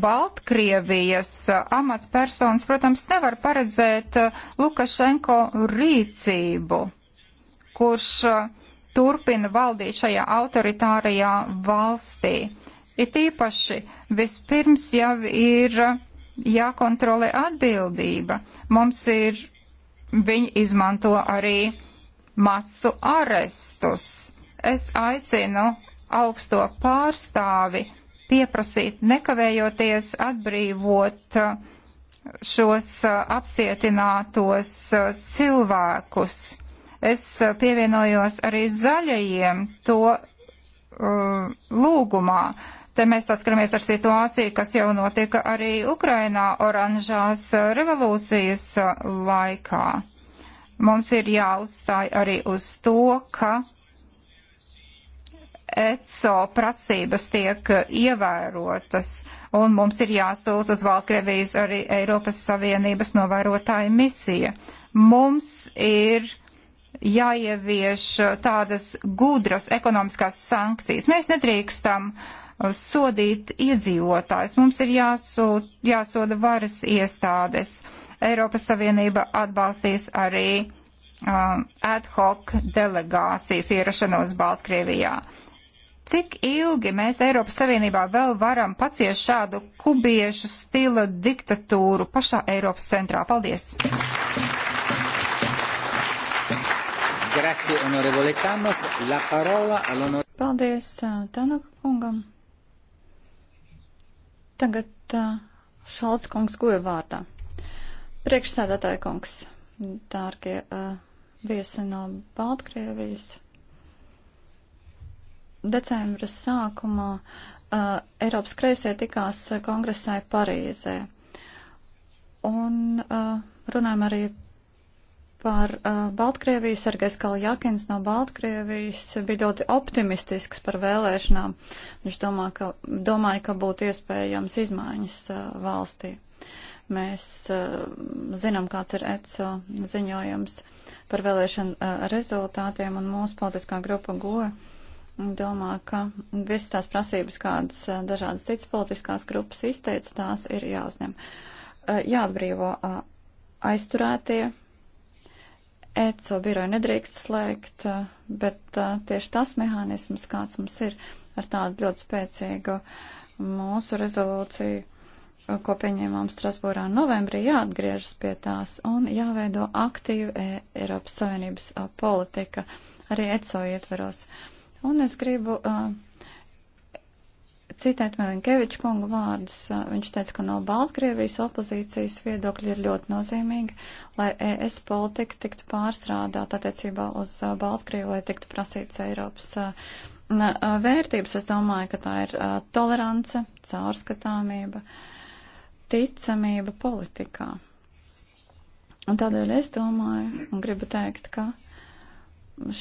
Speaker 2: Baltkrievijas amatpersonas, protams, nevar paredzēt uh, Lukašenko rīcību, kurš uh, turpina valdīt šajā autoritārajā valstī. It īpaši vispirms jau ir uh, jākontrolē atbildība. Mums ir, viņi izmanto arī masu arestus. Es aicinu augsto pārstāvi pieprasīt nekavējoties atbrīvot uh, šos uh, apcietinātos uh, cilvēkus. Es pievienojos arī zaļajiem to uh, lūgumā. Te mēs saskaramies ar situāciju, kas jau notika arī Ukrainā oranžās revolūcijas laikā. Mums ir jāuzstāj arī uz to, ka ECO prasības tiek ievērotas, un mums ir jāsūta uz Valkrevijas arī Eiropas Savienības novērotāja misija. Mums ir jāievieš tādas gudras ekonomiskās sankcijas. Mēs nedrīkstam sodīt iedzīvotājs, mums ir jāsūd, jāsoda varas iestādes. Eiropas Savienība atbalstīs arī um, ad hoc delegācijas ierašanos Baltkrievijā. Cik ilgi mēs Eiropas Savienībā vēl varam paciest šādu kubiešu stila diktatūru pašā Eiropas centrā? Paldies!
Speaker 1: Grazie, onorevole Tanok. La parola all'onorevole.
Speaker 3: Paldies, uh, Tanok kungam. Tagad uh, Šalts kungs guja vārdā. Priekšsēdētāja kungs, dārgie uh, viesi no Baltkrievijas. Decembra sākumā uh, Eiropas kreisie tikās kongresē Parīzē. Un uh, runājam arī par uh, Baltkrieviju. Sergejs Kaljakins no Baltkrievijas bija ļoti optimistisks par vēlēšanām. Viņš domā, ka, domāja, ka būtu iespējams izmaiņas uh, valstī. Uh, Mēs uh, zinām, kāds ir ECO ziņojums par vēlēšanu uh, rezultātiem, un mūsu politiskā grupa GOE domā, ka visas tās prasības, kādas uh, dažādas citas politiskās grupas izteica, tās ir jāuzņem. Uh, jāatbrīvo uh, aizturētie. ECO biroju nedrīkst slēgt, uh, bet uh, tieši tas mehānisms, kāds mums ir ar tādu ļoti spēcīgu mūsu rezolūciju, ko pieņēmām Strasbūrā novembrī, jāatgriežas pie tās un jāveido aktīva e- Eiropas Savienības politika arī ECO ietveros. Un es gribu uh, citēt Melinkeviču kungu vārdus. Viņš teica, ka no Baltkrievijas opozīcijas viedokļi ir ļoti nozīmīgi, lai ES politika tiktu pārstrādāta attiecībā uz uh, Baltkrievu, lai tiktu prasīts Eiropas uh, vērtības. Es domāju, ka tā ir uh, tolerance, caurskatāmība. Uh, ticamība politikā. Un tādēļ es domāju un gribu teikt, ka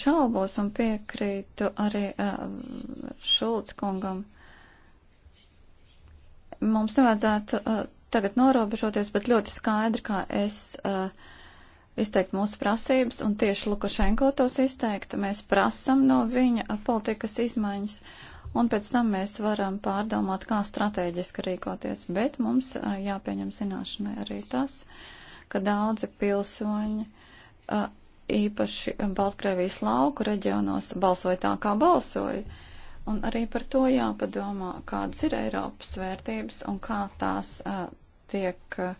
Speaker 3: šaubos un piekrītu arī uh, Šulc kungam. Mums nevajadzētu uh, tagad norobežoties, bet ļoti skaidri, kā es uh, izteikt mūsu prasības, un tieši Lukašenko tos izteikta, mēs prasam no viņa politikas izmaiņas. Uh, un pēc tam mēs varam pārdomāt, kā strateģiski rīkoties. Bet mums jāpieņem zināšanai arī tas, ka daudzi pilsoņi īpaši Baltkrievijas lauku reģionos balsoja tā, kā balsoja. Un arī par to jāpadomā, kādas ir Eiropas vērtības un kā tās uh, tiek uh,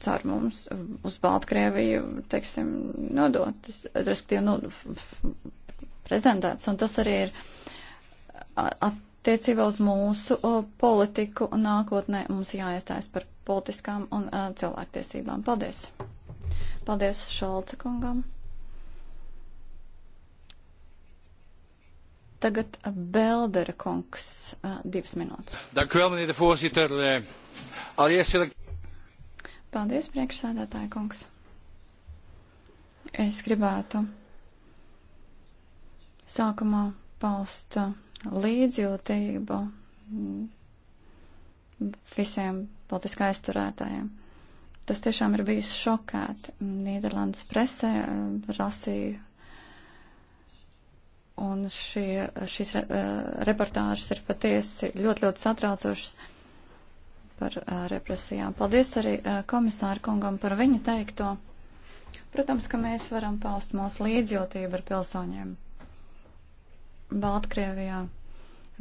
Speaker 3: caur mums uz Baltkrieviju, teiksim, nodotas, respektīvi, nu, prezentētas. Un tas arī ir attiecībā uz mūsu politiku nākotnē mums jāiestājas par politiskām un cilvēktiesībām. Paldies! Paldies Šolca kungam! Tagad Beldera kungs, divas minūtes.
Speaker 5: Eh,
Speaker 3: Paldies, priekšsēdētāja kungs. Es gribētu sākumā paust līdzjūtību visiem politiski aizturētājiem. Tas tiešām ir bijis šokēti. Nīderlandes presē lasīja eh, un šie, šīs re, eh, reportāžas ir patiesi ļoti, ļoti satraucošas par uh, represijām. Paldies arī uh, komisāru kungam par viņa teikto. Protams, ka mēs varam paust mūsu līdzjūtību ar pilsoņiem. Baltkrievijā,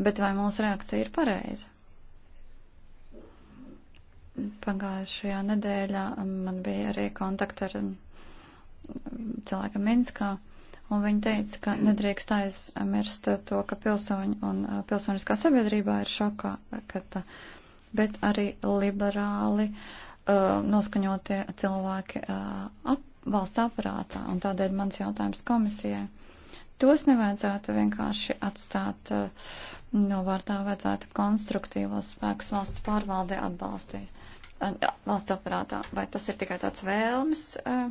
Speaker 3: bet vai mūsu reakcija ir pareiza? Pagājušajā nedēļā man bija arī kontakti ar um, cilvēku Minskā, un viņi teica, ka nedrīkst aizmirst to, ka pilsoņi un uh, pilsoniskā sabiedrībā ir šokā, ka tā, bet arī liberāli uh, noskaņotie cilvēki uh, ap, valsts aparātā, un tādēļ mans jautājums komisijai Tos nevajadzētu vienkārši atstāt eh, novārtā, vajadzētu konstruktīvos spēkus valsts pārvaldē atbalstīt eh, valsts aparātā. Vai tas ir tikai tāds vēlmes eh,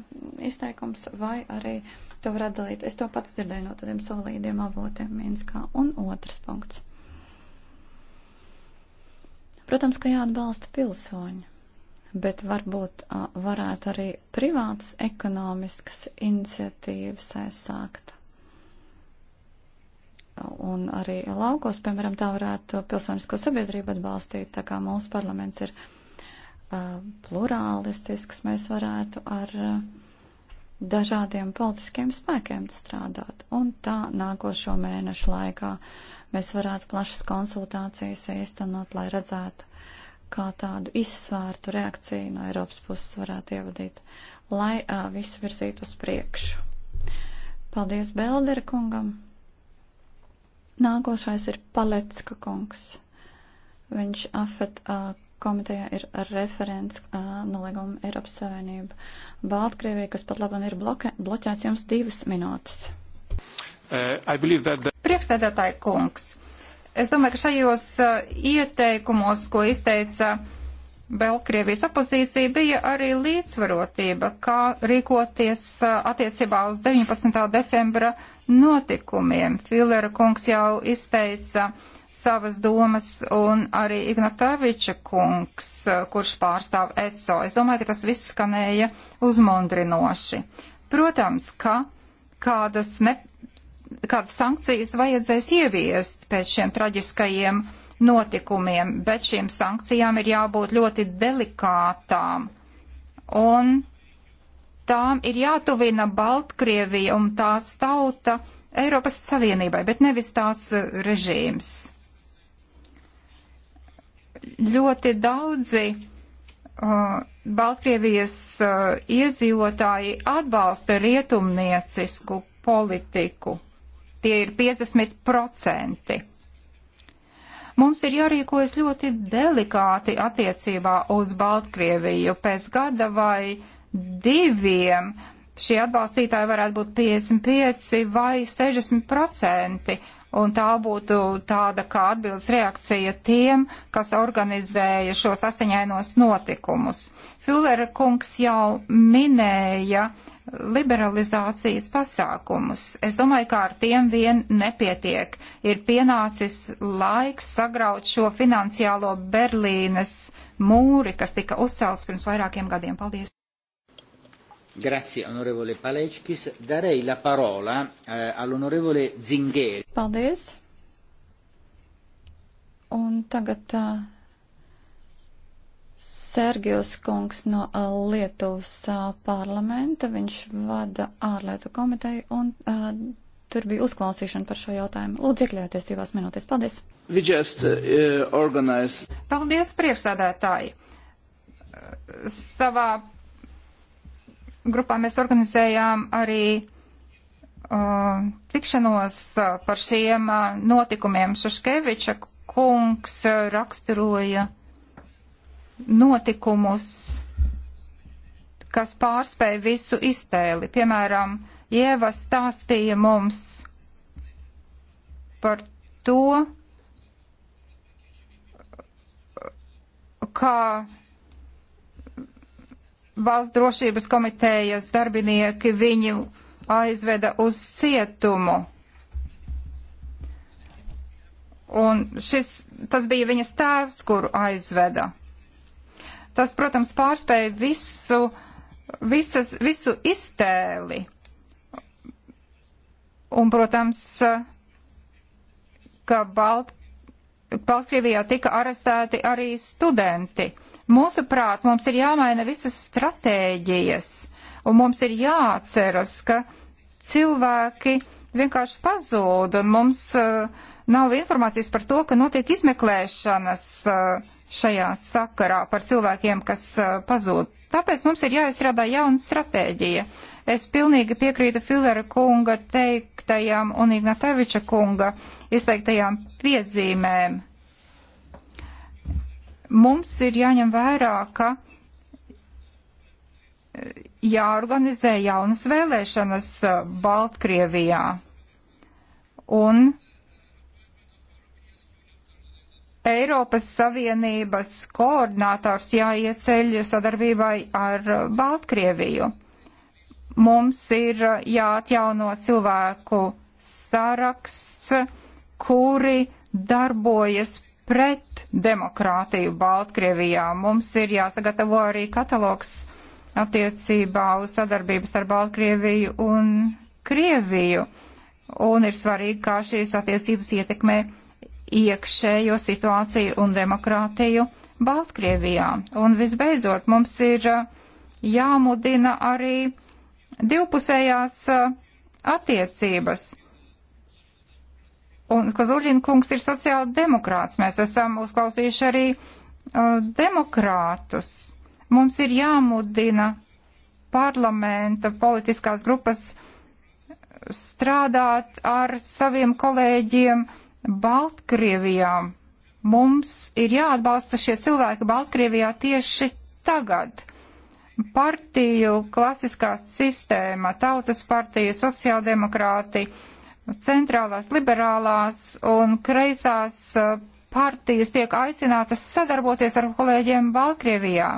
Speaker 3: izteikums, vai arī to var atdalīt? Es to pats dzirdēju no tādiem solīdiem avotiem Minskā. Un otrs punkts. Protams, ka jāatbalsta pilsoņi, bet varbūt varētu arī privātas ekonomiskas iniciatīvas aizsākt un arī laukos, piemēram, tā varētu pilsonisko sabiedrību atbalstīt, tā kā mūsu parlaments ir uh, plurālistisks, mēs varētu ar uh, dažādiem politiskiem spēkiem strādāt. Un tā nākošo mēnešu laikā mēs varētu plašas konsultācijas īstenot, lai redzētu, kā tādu izsvērtu reakciju no Eiropas puses varētu ievadīt, lai uh, viss virzītu uz priekšu. Paldies Beldera kungam! Nākošais ir Palecka kungs. Viņš afet uh, komitejā ir referents uh, nolīguma Eiropas Savienība Baltkrievija, kas pat labam ir bloke, bloķēts jums divas minūtes.
Speaker 5: Uh, the...
Speaker 3: Priekšstādātāji kungs, es domāju, ka šajos uh,
Speaker 2: ieteikumos, ko izteica Belkrievijas opozīcija, bija arī līdzvarotība, kā rīkoties uh, attiecībā uz 19. decembra notikumiem. Filera kungs jau izteica savas domas un arī Ignateviča kungs, kurš pārstāv ECO. Es domāju, ka tas viss skanēja uzmundrinoši. Protams, ka kādas, ne, kādas sankcijas vajadzēs ieviest pēc šiem traģiskajiem notikumiem, bet šīm sankcijām ir jābūt ļoti delikātām. Un tām ir jātuvina Baltkrievija un tās tauta Eiropas Savienībai, bet nevis tās uh, režīms. Ļoti daudzi uh, Baltkrievijas uh, iedzīvotāji atbalsta rietumniecisku politiku. Tie ir 50%. Mums ir jārīkojas ļoti delikāti attiecībā uz Baltkrieviju pēc gada vai uh, diviem šie atbalstītāji varētu būt 55 vai 60 procenti. Un tā būtu tāda kā atbildes reakcija tiem, kas organizēja šos asiņainos notikumus. Filera kungs jau minēja liberalizācijas pasākumus. Es domāju, ka ar tiem vien nepietiek. Ir pienācis laiks sagraut šo finansiālo Berlīnes mūri, kas tika uzcelts pirms vairākiem gadiem. Paldies!
Speaker 1: Grazie, onorevole Palečkis. Darei la parola eh, all'onorevole Zingeri.
Speaker 3: Paldies. Un tagad uh, eh, Sergijos kungs no uh, Lietuvas uh, parlamenta, viņš vada ārlietu komiteju un uh, tur bija uzklausīšana par šo jautājumu. Lūdzu, iekļaujieties divās minūtēs. Paldies!
Speaker 5: We just, uh, organize...
Speaker 3: Paldies, priekšstādētāji! Savā
Speaker 2: grupā mēs organizējām arī uh, tikšanos uh, par šiem uh, notikumiem. Šaškeviča kungs uh, raksturoja notikumus, kas pārspēja visu iztēli. Piemēram, Ieva stāstīja mums par to, kā valsts drošības komitejas darbinieki viņu aizveda uz cietumu. Un šis, tas bija viņas tēvs, kuru aizveda. Tas, protams, pārspēja visu, visas, visu iztēli. Un, protams, ka Balt, Baltkrievijā tika arestēti arī studenti. Mūsuprāt, mums ir jāmaina visas stratēģijas, un mums ir jāatceras, ka cilvēki vienkārši pazūd, un mums uh, nav informācijas par to, ka notiek izmeklēšanas uh, šajā sakarā par cilvēkiem, kas uh, pazūd. Tāpēc mums ir jāizstrādā jauna stratēģija. Es pilnīgi piekrītu Filera kunga teiktajām un Ignataviča kunga izteiktajām piezīmēm Mums ir jāņem vērā, ka eh, jāorganizē jaunas vēlēšanas eh, Baltkrievijā. Un Eiropas Savienības koordinātors jāieceļ sadarbībai ar eh, Baltkrieviju. Mums ir jāatjauno cilvēku saraksts, kuri darbojas pret demokrātiju Baltkrievijā. Mums ir jāsagatavo arī katalogs attiecībā uz sadarbības ar Baltkrieviju un Krieviju. Un ir svarīgi, kā šīs attiecības ietekmē iekšējo situāciju un demokrātiju Baltkrievijā. Un visbeidzot, mums ir uh, jāmudina arī divpusējās uh, attiecības. Un Kazuļina kungs ir sociāla demokrāts. Mēs esam uzklausījuši arī uh, demokrātus. Mums ir jāmudina parlamenta politiskās grupas strādāt ar saviem kolēģiem Baltkrievijā. Mums ir jāatbalsta šie cilvēki Baltkrievijā tieši tagad. Partiju klasiskā sistēma, tautas partija, sociāldemokrāti, uh, centrālās, liberālās un kreisās uh, partijas tiek aicinātas sadarboties ar kolēģiem Baltkrievijā.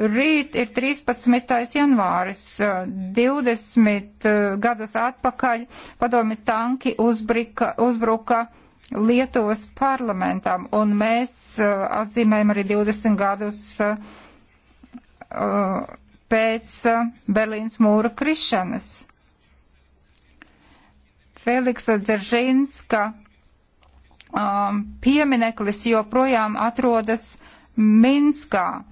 Speaker 2: Rīt ir 13. janvāris, 20 uh, uh, gadus atpakaļ padomi tanki uzbrika, uzbruka Lietuvas parlamentam, un mēs atzīmējam arī 20 gadus pēc Berlīnas mūra krišanas. Feliksa Dzeržinska um, piemineklis joprojām atrodas Minskā.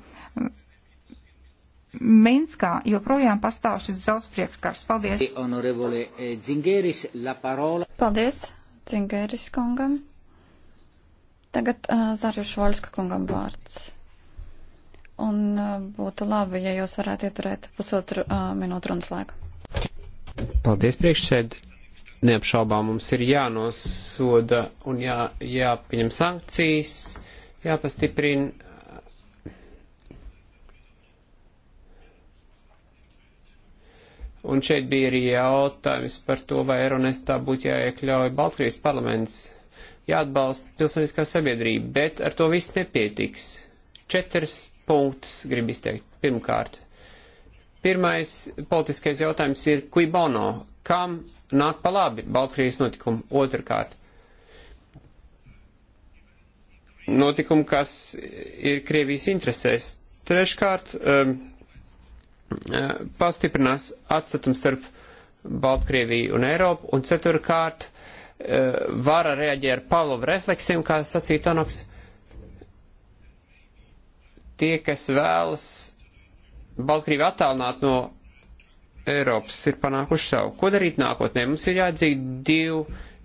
Speaker 2: Minskā joprojām pastāv šis dzelzpriekškars.
Speaker 1: Paldies. Eh,
Speaker 3: Paldies, Cingeris kungam. Tagad uh, eh, Zārjuš Voļska kungam vārds. Un uh, būtu labi, ja jūs varētu ieturēt pusotru uh, minūtu runas laiku.
Speaker 4: Paldies, priekšsēd neapšaubām mums ir jānosoda un jā, jāpieņem sankcijas, jāpastiprina. Un šeit bija arī jautājums par to, vai Eironestā būtu jāiekļauj Baltkrievijas parlaments, jāatbalsta pilsoniskā sabiedrība, bet ar to viss nepietiks. Četras punktus grib izteikt. Pirmkārt, pirmais politiskais jautājums ir, kui bono, kam nāk pa labi Baltkrievijas notikumu. Otrakārt, notikumu, kas ir Krievijas interesēs. Treškārt, um, uh, pastiprinās atstatums starp Baltkrieviju un Eiropu. Un ceturkārt, um, vara reaģē ar Pavlovu refleksiem, kā sacīja Tanoks. Tie, kas vēlas Baltkrievi attālināt no Eiropas ir panākuši savu. Ko darīt nākotnē? Mums ir jāatdzīg divu,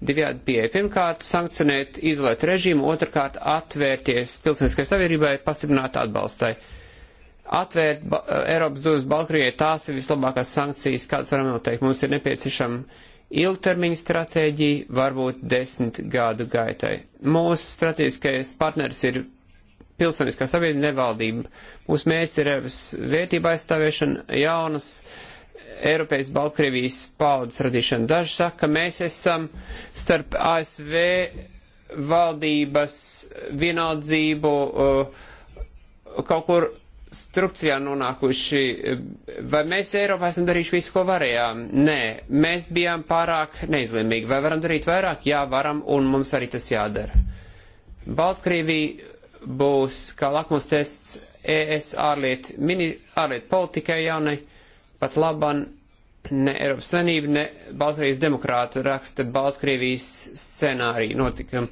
Speaker 4: divjādi pieeja. Pirmkārt, sankcionēt izolēt režīmu, otrkārt, atvērties pilsētiskai savienībai, pastiprināt atbalstai. Atvērt ba Eiropas durvis Baltkrievijai tās ir vislabākās sankcijas, kādas varam noteikt. Mums ir nepieciešama ilgtermiņa stratēģija, varbūt desmit gadu gaitai. Mūsu strateģiskais partners ir pilsētiskā savienība, nevaldība. Mūsu mērķis ir Eiropas vērtība aizstāvēšana, jaunas uh, Eiropējas Baltkrievijas paudas radīšanu. Daži saka, ka mēs esam starp ASV valdības vienaldzību uh, kaut kur strupcijā nonākuši. Vai mēs Eiropā esam darījuši visu, ko varējām? Nē, mēs bijām pārāk neizlēmīgi. Vai varam darīt vairāk? Jā, varam, un mums arī tas jādara. Baltkrievija būs kā lakmus tests ES ārlietu, mini, ārlietu politikai jaunai Pat laban ne Eiropas Savienība, ne Baltkrievijas demokrāta raksta Baltkrievijas scenāriju notikumu.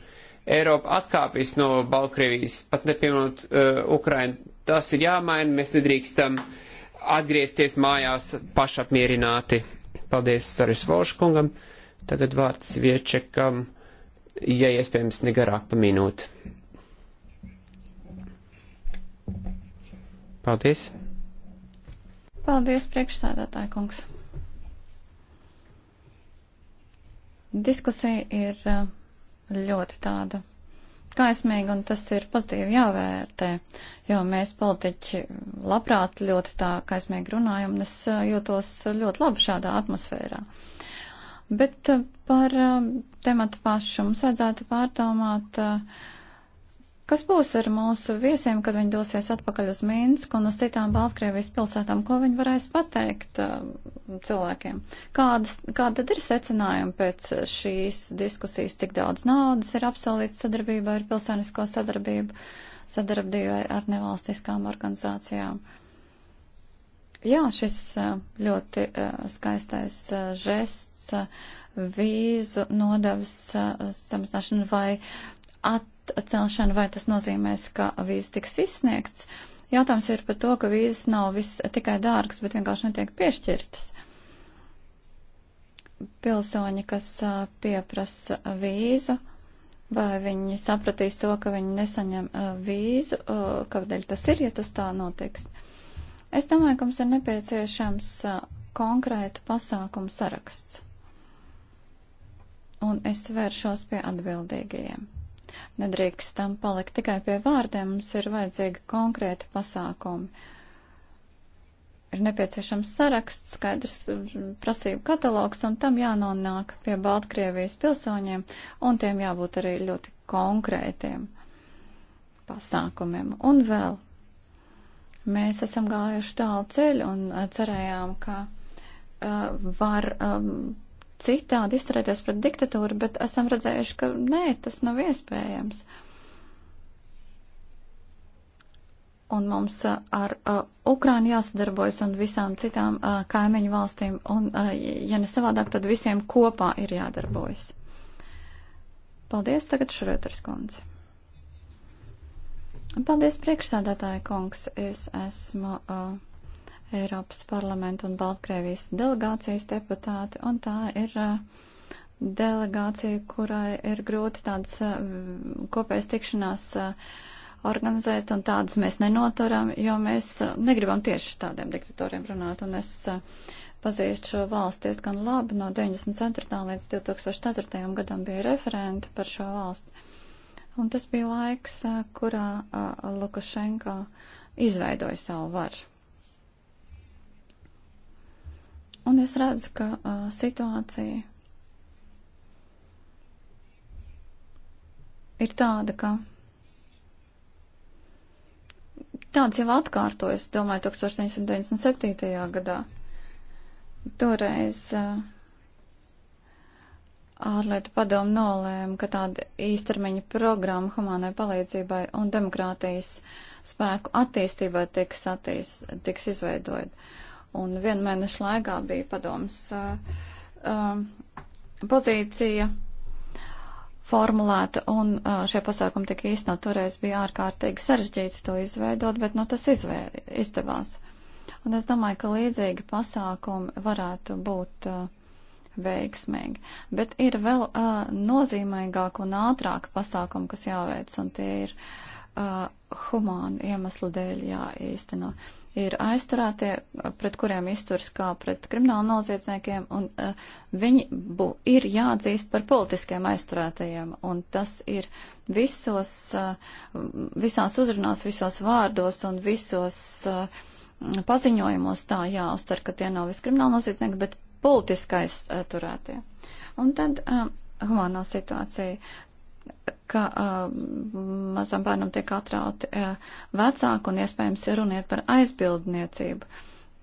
Speaker 4: Eiropa atkāpjas no Baltkrievijas, pat nepieminot uh, Ukrainu. Tas ir jāmaina, mēs nedrīkstam atgriezties mājās pašapmierināti. Paldies Sarus Volškungam. Tagad vārds Viečekam, ja iespējams negarāk pa minūti. Paldies!
Speaker 3: Paldies, priekšsēdētāji kungs. Diskusija ir uh, ļoti tāda kaismīga, un tas ir pozitīvi jāvērtē, jo mēs politiķi labprāt ļoti tā kaismīgi runājam, un es uh, jūtos ļoti labi šādā atmosfērā. Bet uh, par tematu pašu mums vajadzētu pārdomāt. Uh, Kas būs ar mūsu viesiem, kad viņi dosies atpakaļ uz Minsku un uz citām Baltkrievijas pilsētām? Ko viņi varēs pateikt uh, cilvēkiem? Kādas, kāda tad ir secinājumi pēc šīs diskusijas, cik daudz naudas ir apsolīts sadarbībā ar pilsēnisko sadarbību, sadarbībā ar nevalstiskām organizācijām? Jā, šis uh, ļoti uh, skaistais uh, žests, vīzu nodevas samazināšana vai at celšanu, vai tas nozīmēs, ka vīzes tiks izsniegts. Jautājums ir par to, ka vīzes nav viss tikai dārgas, bet vienkārši netiek piešķirtas. Pilsoņi, kas pieprasa vīzu, vai viņi sapratīs to, ka viņi nesaņem vīzu, kādēļ tas ir, ja tas tā notiks. Es domāju, ka mums ir nepieciešams konkrētu pasākumu saraksts. Un es vēršos pie atbildīgajiem. Nedrīkstam palikt tikai pie vārdiem, mums ir vajadzīgi konkrēti pasākumi. Ir nepieciešams saraksts, skaidrs prasību katalogs, un tam jānonāk pie Baltkrievijas pilsoņiem, un tiem jābūt arī ļoti konkrētiem pasākumiem. Un vēl mēs esam gājuši tālu ceļu un cerējām, ka uh, var um, citādi izturēties pret diktatūru, bet esam redzējuši, ka nē, tas nav iespējams. Un mums ar uh, Ukrainu jāsadarbojas un visām citām uh, kaimiņu valstīm, un, uh, ja ne savādāk, tad visiem kopā ir jādarbojas. Paldies, tagad Šrēters kundze. Paldies, priekšsādātāja kungs. Es esmu. Uh, Eiropas parlamenta un Baltkrievijas delegācijas deputāti, un tā ir uh, delegācija, kurai ir grūti tādas uh, kopējas tikšanās uh, organizēt, un tādas mēs nenotaram, jo mēs negribam tieši tādiem diktatoriem runāt, un es pazīstu šo valsti diezgan labi. No 94. līdz 2004. gadam bija referenta par šo valsti. Un tas bija laiks, kurā Lukašenko izveidoja savu varu. Un es redzu, ka uh, situācija ir tāda, ka tāds jau atkārtojas, domāju, 1997. gadā. Toreiz uh, ārlietu padomu nolēma, ka tāda īstermiņa programma humānai palīdzībai un demokrātijas spēku attīstībai tiks, attīst, tiks izveidot un vienu mēnešu laikā bija padoms uh, uh, pozīcija formulēta, un uh, šie pasākumi tika īstenot. Toreiz bija ārkārtīgi sarežģīti to izveidot, bet nu, tas izvē, izdevās. Un es domāju, ka līdzīgi pasākumi varētu būt uh, veiksmīgi. Bet ir vēl uh, nozīmīgāk un ātrāk pasākumi, kas jāveic, un tie ir uh, humāni iemeslu dēļ jāīsteno. Uh, ir aizturētie, pret kuriem izturs kā pret kriminālu noziedzniekiem, un uh, viņi bū, ir jāatzīst par politiskiem aizturētajiem, un tas ir visos, uh, visās uzrunās, visos vārdos un visos uh, paziņojumos tā jāuztver, ka tie nav visi kriminālu noziedznieki, bet politiskais uh, turētie. Un tad uh, humānā situācija ka uh, mazam bērnam tiek atrauti uh, vecāki un iespējams ir runiet par aizbildniecību.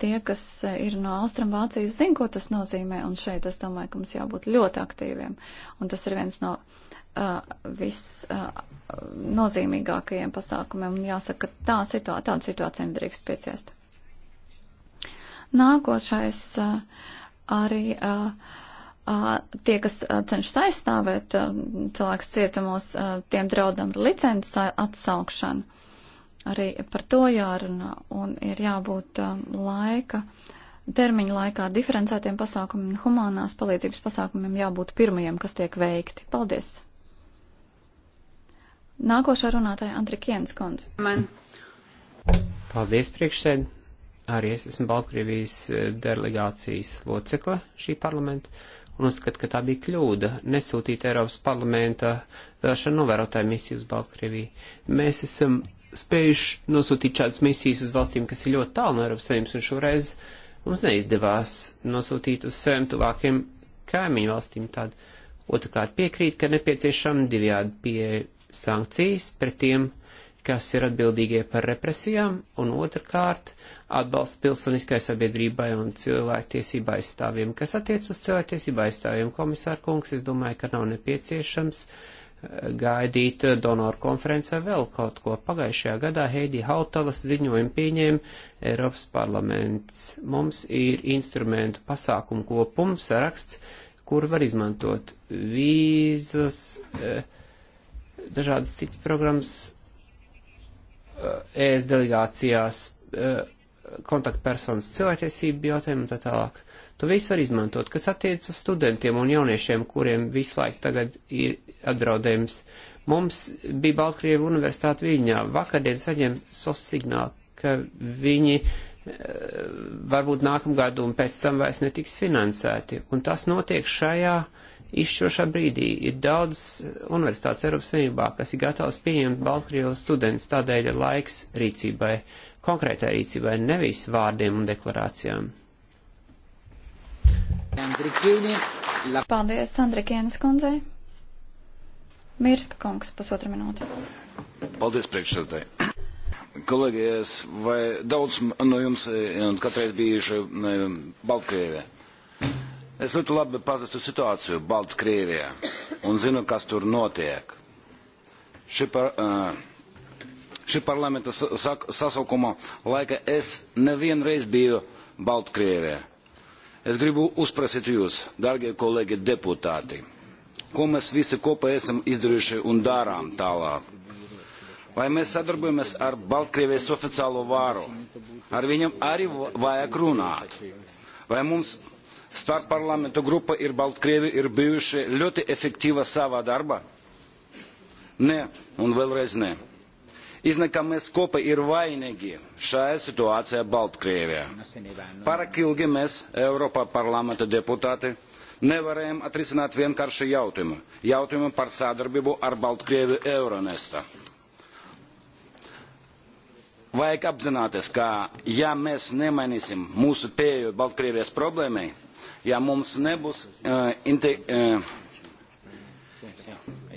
Speaker 3: Tie, kas uh, ir no Austrumvācijas, zin, ko tas nozīmē, un šeit es domāju, ka mums jābūt ļoti aktīviem. Un tas ir viens no uh, visnozīmīgākajiem uh, pasākumiem, un jāsaka, ka tā situā tāda situācija nedrīkst pieciest. Nākošais uh, arī. Uh, tie, kas cenšas aizstāvēt cilvēkus cietumos, tiem draudam ir licences atsaukšana. Arī par to jārunā un ir jābūt laika, termiņa laikā diferencētiem pasākumiem un humānās palīdzības pasākumiem jābūt pirmajiem, kas tiek veikti. Paldies! Nākošā runātāja Andrikienas kundze. Man.
Speaker 4: Paldies priekšsēd. Arī es esmu Baltkrievijas eh, delegācijas locekle šī parlamenta. Uh, un uzskata, ka tā bija kļūda nesūtīt Eiropas parlamenta vēlšanu novērotāju misiju uz Baltkrieviju. Mēs esam spējuši nosūtīt šādas misijas uz valstīm, kas ir ļoti tālu no Eiropas Savienības, un šoreiz mums neizdevās nosūtīt uz saviem tuvākiem kaimiņu valstīm tādu. Otrakārt piekrīt, ka nepieciešama divjādi pie sankcijas pret tiem, kas ir atbildīgie par represijām, un otrkārt atbalsts pilsoniskai sabiedrībai un cilvēktiesība aizstāvjiem. Kas attiec uz cilvēktiesība aizstāvjiem, komisāra kungs, es domāju, ka nav nepieciešams eh, gaidīt donoru konferencē vēl kaut ko. Pagājušajā gadā Heidi Hautalas ziņojumu pieņēma Eiropas parlaments. Mums ir instrumentu pasākumu kopums saraksts, kur var izmantot vīzas, eh, dažādas citas programmas ES eh, delegācijās eh, kontaktpersonas cilvēktiesību jautājumu un tā tālāk. To visu var izmantot, kas attiec uz studentiem un jauniešiem, kuriem visu laiku tagad ir apdraudējums. Mums bija Baltkrievu universitāte Viņā. Vakardien saņem sos signālu, ka viņi eh, varbūt nākamgad un pēc tam vairs netiks finansēti. Un tas notiek šajā uh, izšķirošā brīdī ir daudz eh, universitātes Eiropas Savienībā, kas ir gatavs pieņemt Baltkrievas students, tādēļ ir laiks rīcībai, konkrētai rīcībai, nevis vārdiem un deklarācijām.
Speaker 3: Paldies, Sandrikienes kundzei. Mirska kungs, pusotra minūte.
Speaker 5: Paldies, priekšsēdētāji. Kolēģis, vai daudz no jums eh, katreiz bijuši eh, Baltkrievijā? Es ļoti labi pazīstu situāciju Baltkrievijā un zinu, kas tur notiek. Šī, par, eh, šī parlamenta sasaukuma laika es nevienreiz biju Baltkrievijā. Es gribu uzprasīt jūs, darbie kolēģi deputāti, ko mēs visi kopā esam izdarījuši un darām tālāk. Vai mēs sadarbojamies ar Baltkrievijas oficiālo vāru? Ar viņam arī vajag runāt. Vai mums Start parlamento grupa ir Baltkrievi ir bijuši ļoti efektīva savā darbā? Nē, un vēlreiz nē. Iznaka mēs kopā ir vainīgi šajā situācijā Baltkrievijā. Pārāk ilgi mēs, Eiropā parlamenta deputāti, nevarējām atrisināt vienkārši jautājumu. Jautājumu par sadarbību ar Baltkrievi Euronesta. Vajag apzināties, ka ja mēs nemainīsim mūsu pieeju Baltkrievijas problēmai, ja mums nebūs uh, inte, uh,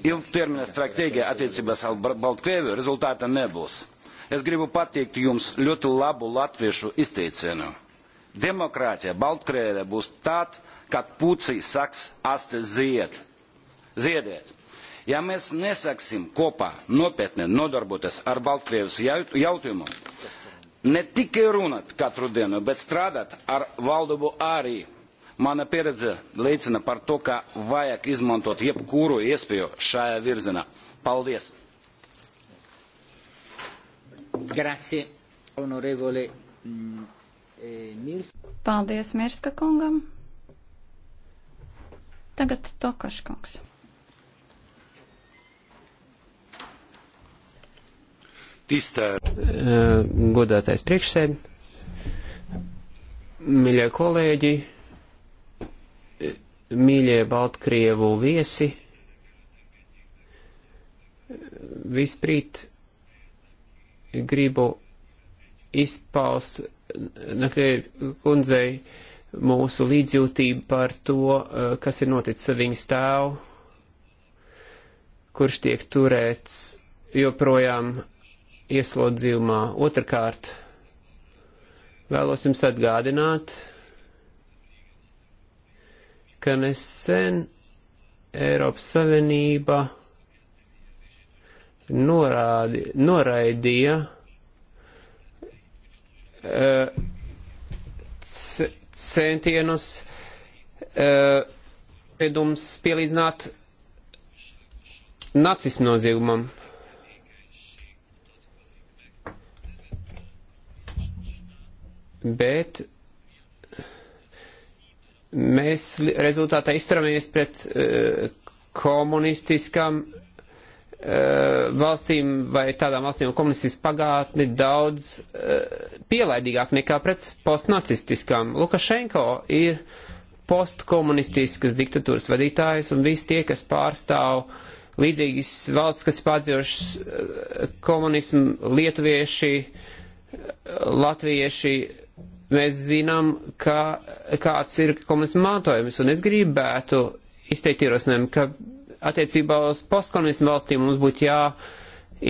Speaker 5: ilgtermiņa stratēģija attiecībās ar Baltkrieviju, rezultāta nebūs. Es gribu pateikt jums ļoti labu latviešu izteicienu. Demokrātija Baltkrievijā būs tāda, kad puci saks aste zied. Ziediet! Ja mēs nesaksim kopā nopietni nodarboties ar Baltkrievijas jautājumu, ne tikai runāt katru dienu, bet strādāt ar valdību arī Mana pieredze liecina par to, ka vajag izmantot jebkuru iespēju šajā virzienā. Paldies!
Speaker 1: Grazie, honorevole Mirs. Mm, e,
Speaker 3: Paldies Mirska kungam. Tagad Tokaškungs.
Speaker 5: Tistēt. E,
Speaker 4: godātais priekšsēd, miļie kolēģi, mīļie Baltkrievu viesi, visprīt gribu izpaust Nakrievi kundzei mūsu līdzjūtību par to, eh, kas ir noticis ar viņas tēvu, kurš tiek turēts joprojām ieslodzījumā. Otrakārt, vēlos jums atgādināt, ka nesen Eiropas Savienība norādi, noraidīja uh, centienus eh, spiedums uh, pielīdzināt nacismu noziegumam. Bet mēs rezultātā izturamies pret uh, eh, komunistiskam uh, eh, valstīm vai tādām valstīm ar komunistisku pagātni daudz uh, pielaidīgāk nekā pret postnacistiskām. Lukašenko ir postkomunistiskas diktatūras vadītājs un visi tie, kas pārstāv līdzīgas valsts, kas pārdzīvošas komunismu, lietuvieši, latvieši, Mēs zinām, ka, kāds ir komunismu mantojums, un es gribētu izteikt ierosinājumu, ka attiecībā uz postkomunismu valstīm mums būtu jā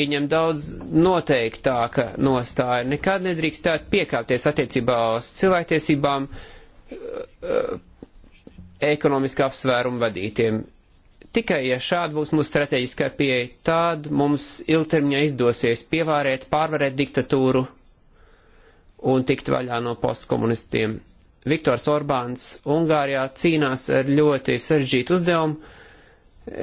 Speaker 4: ieņem daudz noteiktāka nostāja. Nekad nedrīkstētu piekāpties attiecībā uz cilvēktiesībām eh, ekonomiski apsvērumu vadītiem. Tikai, ja šāda būs mūsu strateģiskā pieeja, tad mums ilgtermiņā izdosies pievārēt, pārvarēt diktatūru un tikt vaļā no postkomunistiem. Viktors Orbāns Ungārijā cīnās ar ļoti sarežģītu uzdevumu. E, e,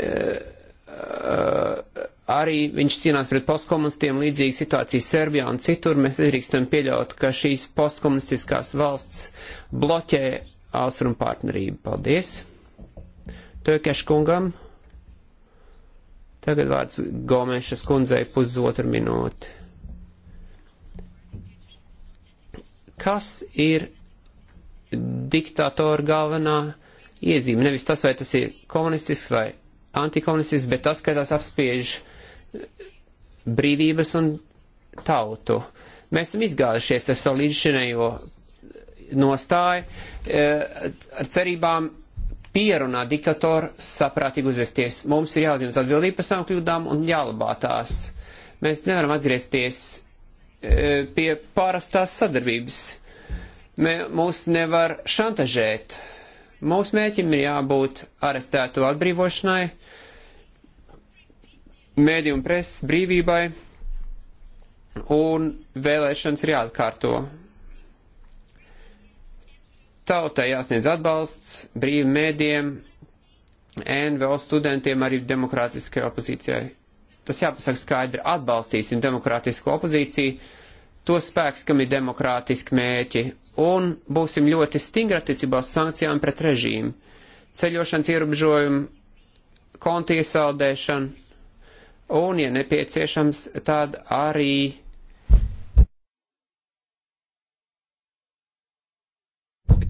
Speaker 4: arī viņš cīnās pret postkomunistiem, līdzīgi situācija Serbijā un citur. Mēs nedrīkstam pieļaut, ka šīs postkomunistiskās valsts bloķē austrumu partnerību. Paldies! Tökeš kungam. Tagad vārds Gomešas kundzei pusotru minūti. Kas ir diktatora galvenā iezīme? Nevis tas, vai tas ir komunistisks vai antikomunistisks, bet tas, ka tas apspiež brīvības un tautu. Mēs esam izgājušies ar savu līdzšinējo nostāju, eh, ar cerībām pierunā diktatoru saprātīgi uzvesties. Mums ir jāuzņemas atbildība par savām kļūdām un jālabā tās. Mēs nevaram atgriezties E, pie parastās sadarbības. Mē, mūs nevar šantažēt. Mūsu mēķim ir jābūt arestēto atbrīvošanai, mēdī un preses brīvībai, un vēlēšanas ir jāatkārto. Tautai jāsniedz atbalsts, brīvi mēdiem, NVO studentiem, arī demokrātiskajai opozīcijai tas jāpasaka skaidri, atbalstīsim demokrātisku opozīciju, tos spēks, kam ir demokrātiski mēķi, un būsim ļoti stingri attiecībā uz sankcijām pret režīmu, ceļošanas ierobežojumu, konti iesaldēšanu, un, ja nepieciešams, tad arī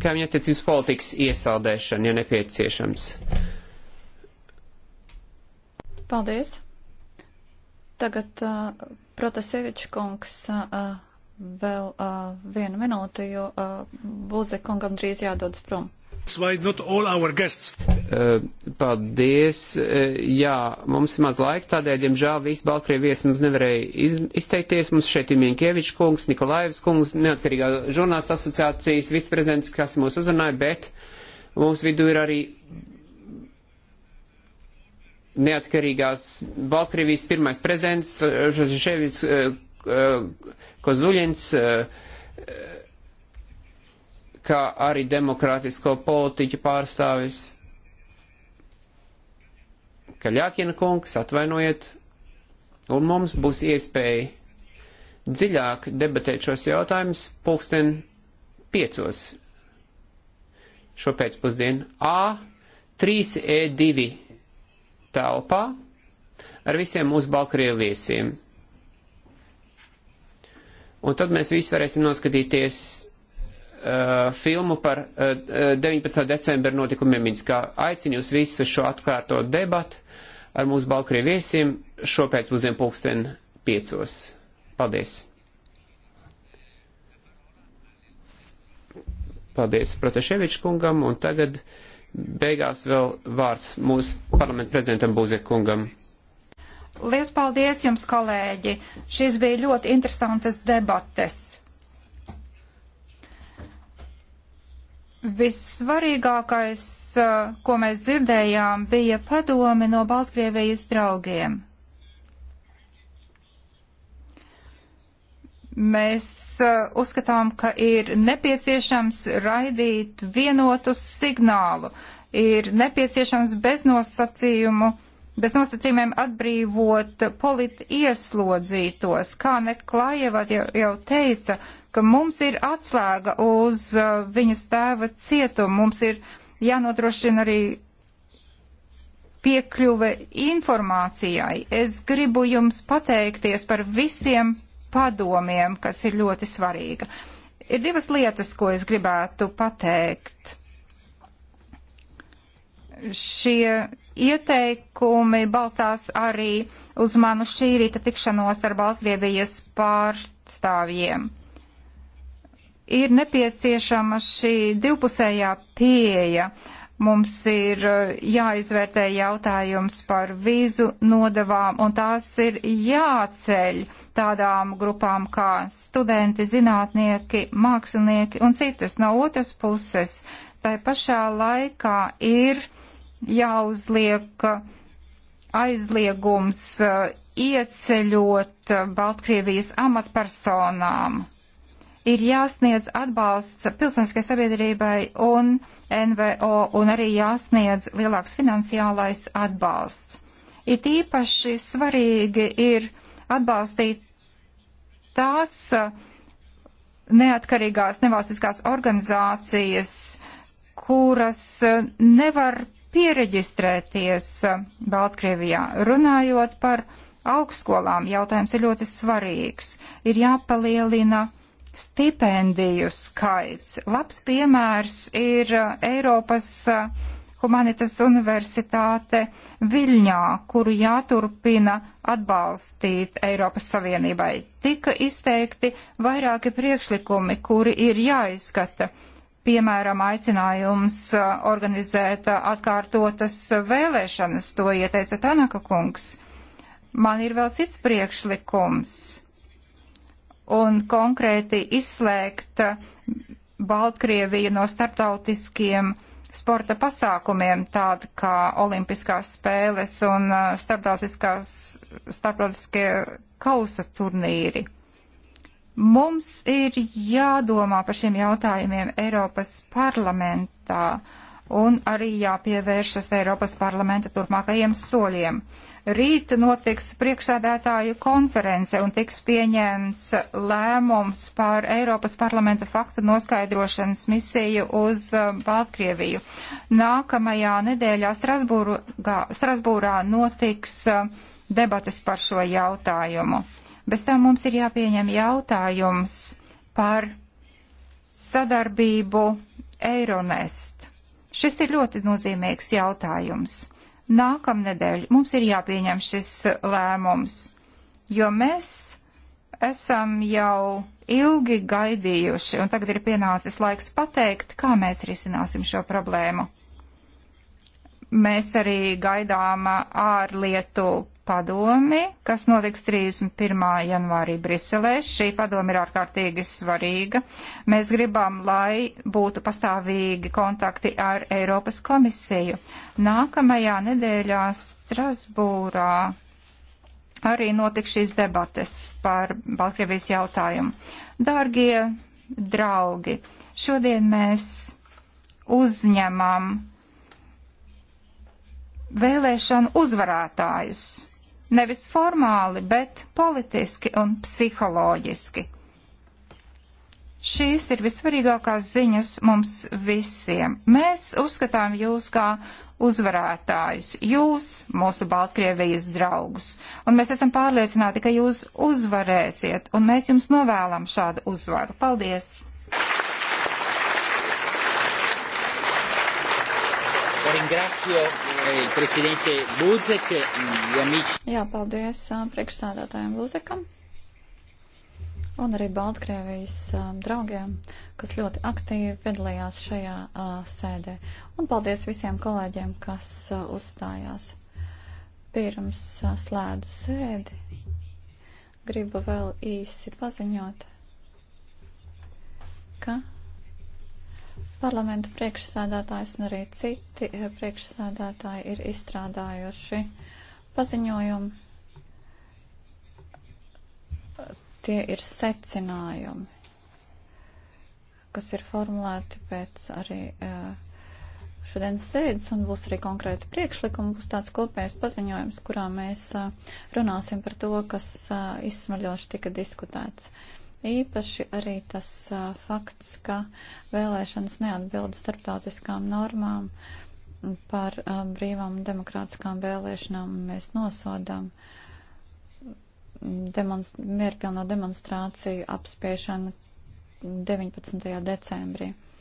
Speaker 4: kaimiņu attiecības politikas iesaldēšana, ja nepieciešams.
Speaker 3: Paldies! Tagad uh, Protasevičs kungs uh, vēl uh, vienu minūti, jo uh, Buze kungam drīz jādodas prom.
Speaker 4: Uh, paldies. Uh, jā, mums ir maz laika, tādēļ, diemžēl, visi Baltkrievi viesi mums nevarēja iz, izteikties. Mums šeit ir Minkievičs kungs, Nikolaevs kungs, neatkarīgā žurnālistu asociācijas viceprezidents, kas mūs uzrunāja, bet mūsu vidū ir arī neatkarīgās Baltkrievijas pirmais prezidents eh, Ževits eh, eh, Kozuļins, kā arī demokrātisko politiķu pārstāvis Kaļākina kungs, atvainojiet, un mums būs iespēja dziļāk debatēt šos jautājumus pulksten piecos šo pēcpusdienu A3E2 telpā ar visiem mūsu Balkrievu viesiem. Un tad mēs visi varēsim noskatīties uh, filmu par uh, 19. decembra notikumiem Minskā. Aicinu jūs visus šo atkārto debatu ar mūsu Balkrievu viesiem šopēc pusdien pulksten piecos. Paldies! Paldies Protaševičs kungam un tagad beigās vēl vārds mūsu parlamentu prezidentam Buzekungam.
Speaker 2: Lies paldies jums, kolēģi! Šīs bija ļoti interesantas debates. Vissvarīgākais, uh, ko mēs dzirdējām, bija padomi no Baltkrievijas draugiem. Mēs uh, uzskatām, ka ir nepieciešams raidīt vienotu signālu, ir nepieciešams bez nosacījumu bez nosacījumiem atbrīvot politi ieslodzītos, kā Neklājeva jau, jau teica, ka mums ir atslēga uz uh, viņas tēva cietumu, mums ir jānodrošina arī piekļuve informācijai. Es gribu jums pateikties par visiem padomiem, kas ir ļoti svarīga. Ir divas lietas, ko es gribētu pateikt. Šie ieteikumi balstās arī uz manu šī rīta tikšanos ar Baltkrievijas pārstāvjiem. Ir nepieciešama šī divpusējā pieeja. Mums ir eh, jāizvērtē jautājums par vīzu nodavām, un tās ir jāceļ. Uh, tādām grupām kā studenti, zinātnieki, mākslinieki un citas. No otras puses, tai pašā laikā ir jāuzliek uh, aizliegums uh, ieceļot uh, Baltkrievijas amatpersonām. Ir jāsniedz atbalsts pilsoniskai sabiedrībai un NVO un arī jāsniedz lielāks finansiālais atbalsts. It īpaši svarīgi ir atbalstīt tās uh, neatkarīgās nevalstiskās organizācijas, kuras uh, nevar piereģistrēties uh, Baltkrievijā. Runājot par augstskolām, jautājums ir ļoti svarīgs. Ir jāpalielina stipendiju skaits. Labs piemērs ir Eiropas uh, Humanitas Universitāte Viļņā, kuru jāturpina atbalstīt Eiropas Savienībai. Tika izteikti vairāki priekšlikumi, kuri ir jāizskata piemēram, aicinājums uh, organizēt uh, atkārtotas vēlēšanas, to ieteica Tanaka kungs. Man ir vēl cits priekšlikums un konkrēti izslēgt uh, Baltkrieviju no starptautiskiem sporta pasākumiem, tādi kā olimpiskās spēles un uh, starptautiskie kausa turnīri. Mums ir jādomā par šiem jautājumiem Eiropas parlamentā un arī jāpievēršas Eiropas parlamenta turpmākajiem soļiem. Uh, Rīt notiks priekšsēdētāju konference un tiks pieņemts lēmums par Eiropas parlamenta faktu noskaidrošanas misiju uz uh, Baltkrieviju. Nākamajā nedēļā Strasbūrā notiks uh, debates par šo jautājumu. Bez tam mums ir jāpieņem jautājums par sadarbību Eironest. Šis ir ļoti nozīmīgs jautājums. Nākamnedēļ mums ir jāpieņem šis lēmums, jo mēs esam jau ilgi gaidījuši, un tagad ir pienācis laiks pateikt, kā mēs risināsim šo problēmu. Mēs arī gaidām ārlietu padomi, kas notiks 31. janvārī Briselē. Šī padomi ir ārkārtīgi svarīga. Mēs gribam, lai būtu pastāvīgi kontakti ar Eiropas komisiju. Nākamajā nedēļā Strasbūrā arī notiks šīs debates par Baltkrievijas jautājumu. Dārgie draugi, šodien mēs uzņemam vēlēšanu uzvarētājus nevis formāli, bet politiski un psiholoģiski. Šīs ir visvarīgākās ziņas mums visiem. Mēs uzskatām jūs kā uzvarētājus, jūs, mūsu Baltkrievijas draugus, un mēs esam pārliecināti, ka jūs uzvarēsiet, un mēs jums novēlam šādu uzvaru. Paldies!
Speaker 1: Ringrazio eh, il presidente Buzek, eh, gli amici.
Speaker 3: Jā, paldies eh, priekšsādātājiem Buzekam un arī Baltkrievijas draugiem, kas ļoti aktīvi piedalījās šajā sēdē. Un paldies visiem kolēģiem, kas uzstājās. Pirms slēdzu sēdi gribu vēl īsi paziņot, ka Parlamenta priekšsēdētājs un arī citi eh, priekšsēdētāji ir izstrādājuši paziņojumu. Tie ir secinājumi, kas ir formulēti pēc arī eh, šodienas sēdes un būs arī konkrēti priekšlikumi, būs tāds kopējs paziņojums, kurā mēs eh, runāsim par to, kas izsmaļoši tika diskutēts. Īpaši arī tas uh, fakts, ka vēlēšanas neatbilda starptautiskām normām par uh, brīvām demokrātiskām vēlēšanām mēs nosodām. Demonst mierpilno demonstrāciju apspiešanu 19. decembrī. Uh,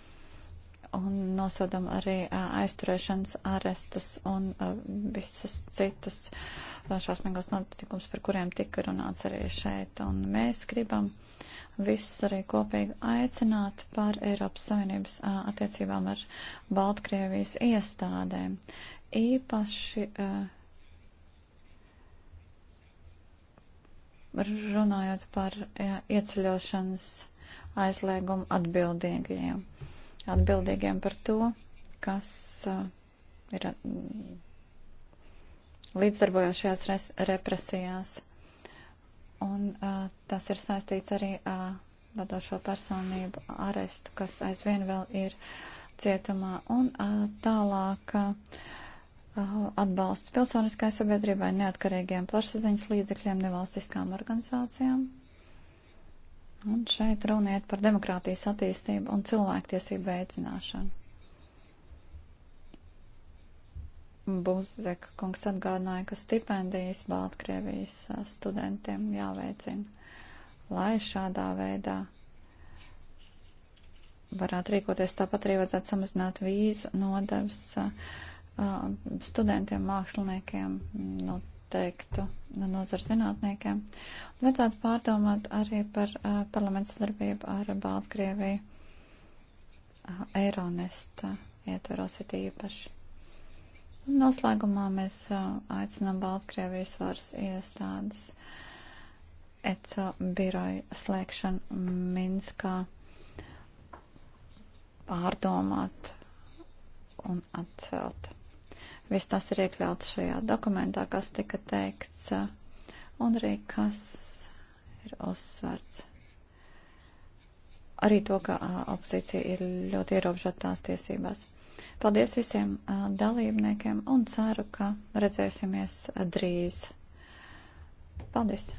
Speaker 3: un nosodam arī aizturēšanas arestus un visus citus šausmīgos notikums, par kuriem tika runāts arī šeit. Un mēs gribam visus arī kopīgi aicināt par Eiropas Savienības attiecībām ar Baltkrievijas iestādēm. Īpaši runājot par ieceļošanas aizliegumu atbildīgajiem atbildīgiem par to, kas uh, ir mm, līdzdarbojas šajās represijās. Un uh, tas ir saistīts arī ar uh, vadošo personību arestu, kas aizvien vēl ir cietumā. Un uh, tālāk uh, uh atbalsts pilsoniskai sabiedrībai, neatkarīgiem plašsaziņas līdzekļiem, nevalstiskām organizācijām. Un šeit runiet par demokrātijas attīstību un cilvēktiesību veicināšanu. Buzeka kungs atgādināja, ka stipendijas Baltkrievijas studentiem jāveicina, lai šādā veidā varētu rīkoties. Tāpat arī vajadzētu samazināt vīzu nodevs studentiem, māksliniekiem, no nu, teiktu nozara zinātniekiem. Un vajadzētu pārdomāt arī par uh, parlamentu sadarbību ar Baltkrieviju uh, Eironesta ietveros ir īpaši. Un noslēgumā mēs uh, aicinām Baltkrievijas varas iestādes ECO biroju slēgšanu Minskā pārdomāt un atcelt. Viss tas ir iekļauts šajā dokumentā, kas tika teikts, un arī kas ir uzsverts. Arī to, ka opozīcija ir ļoti ierobežotās tiesībās. Paldies visiem dalībniekiem un ceru, ka redzēsimies drīz. Paldies!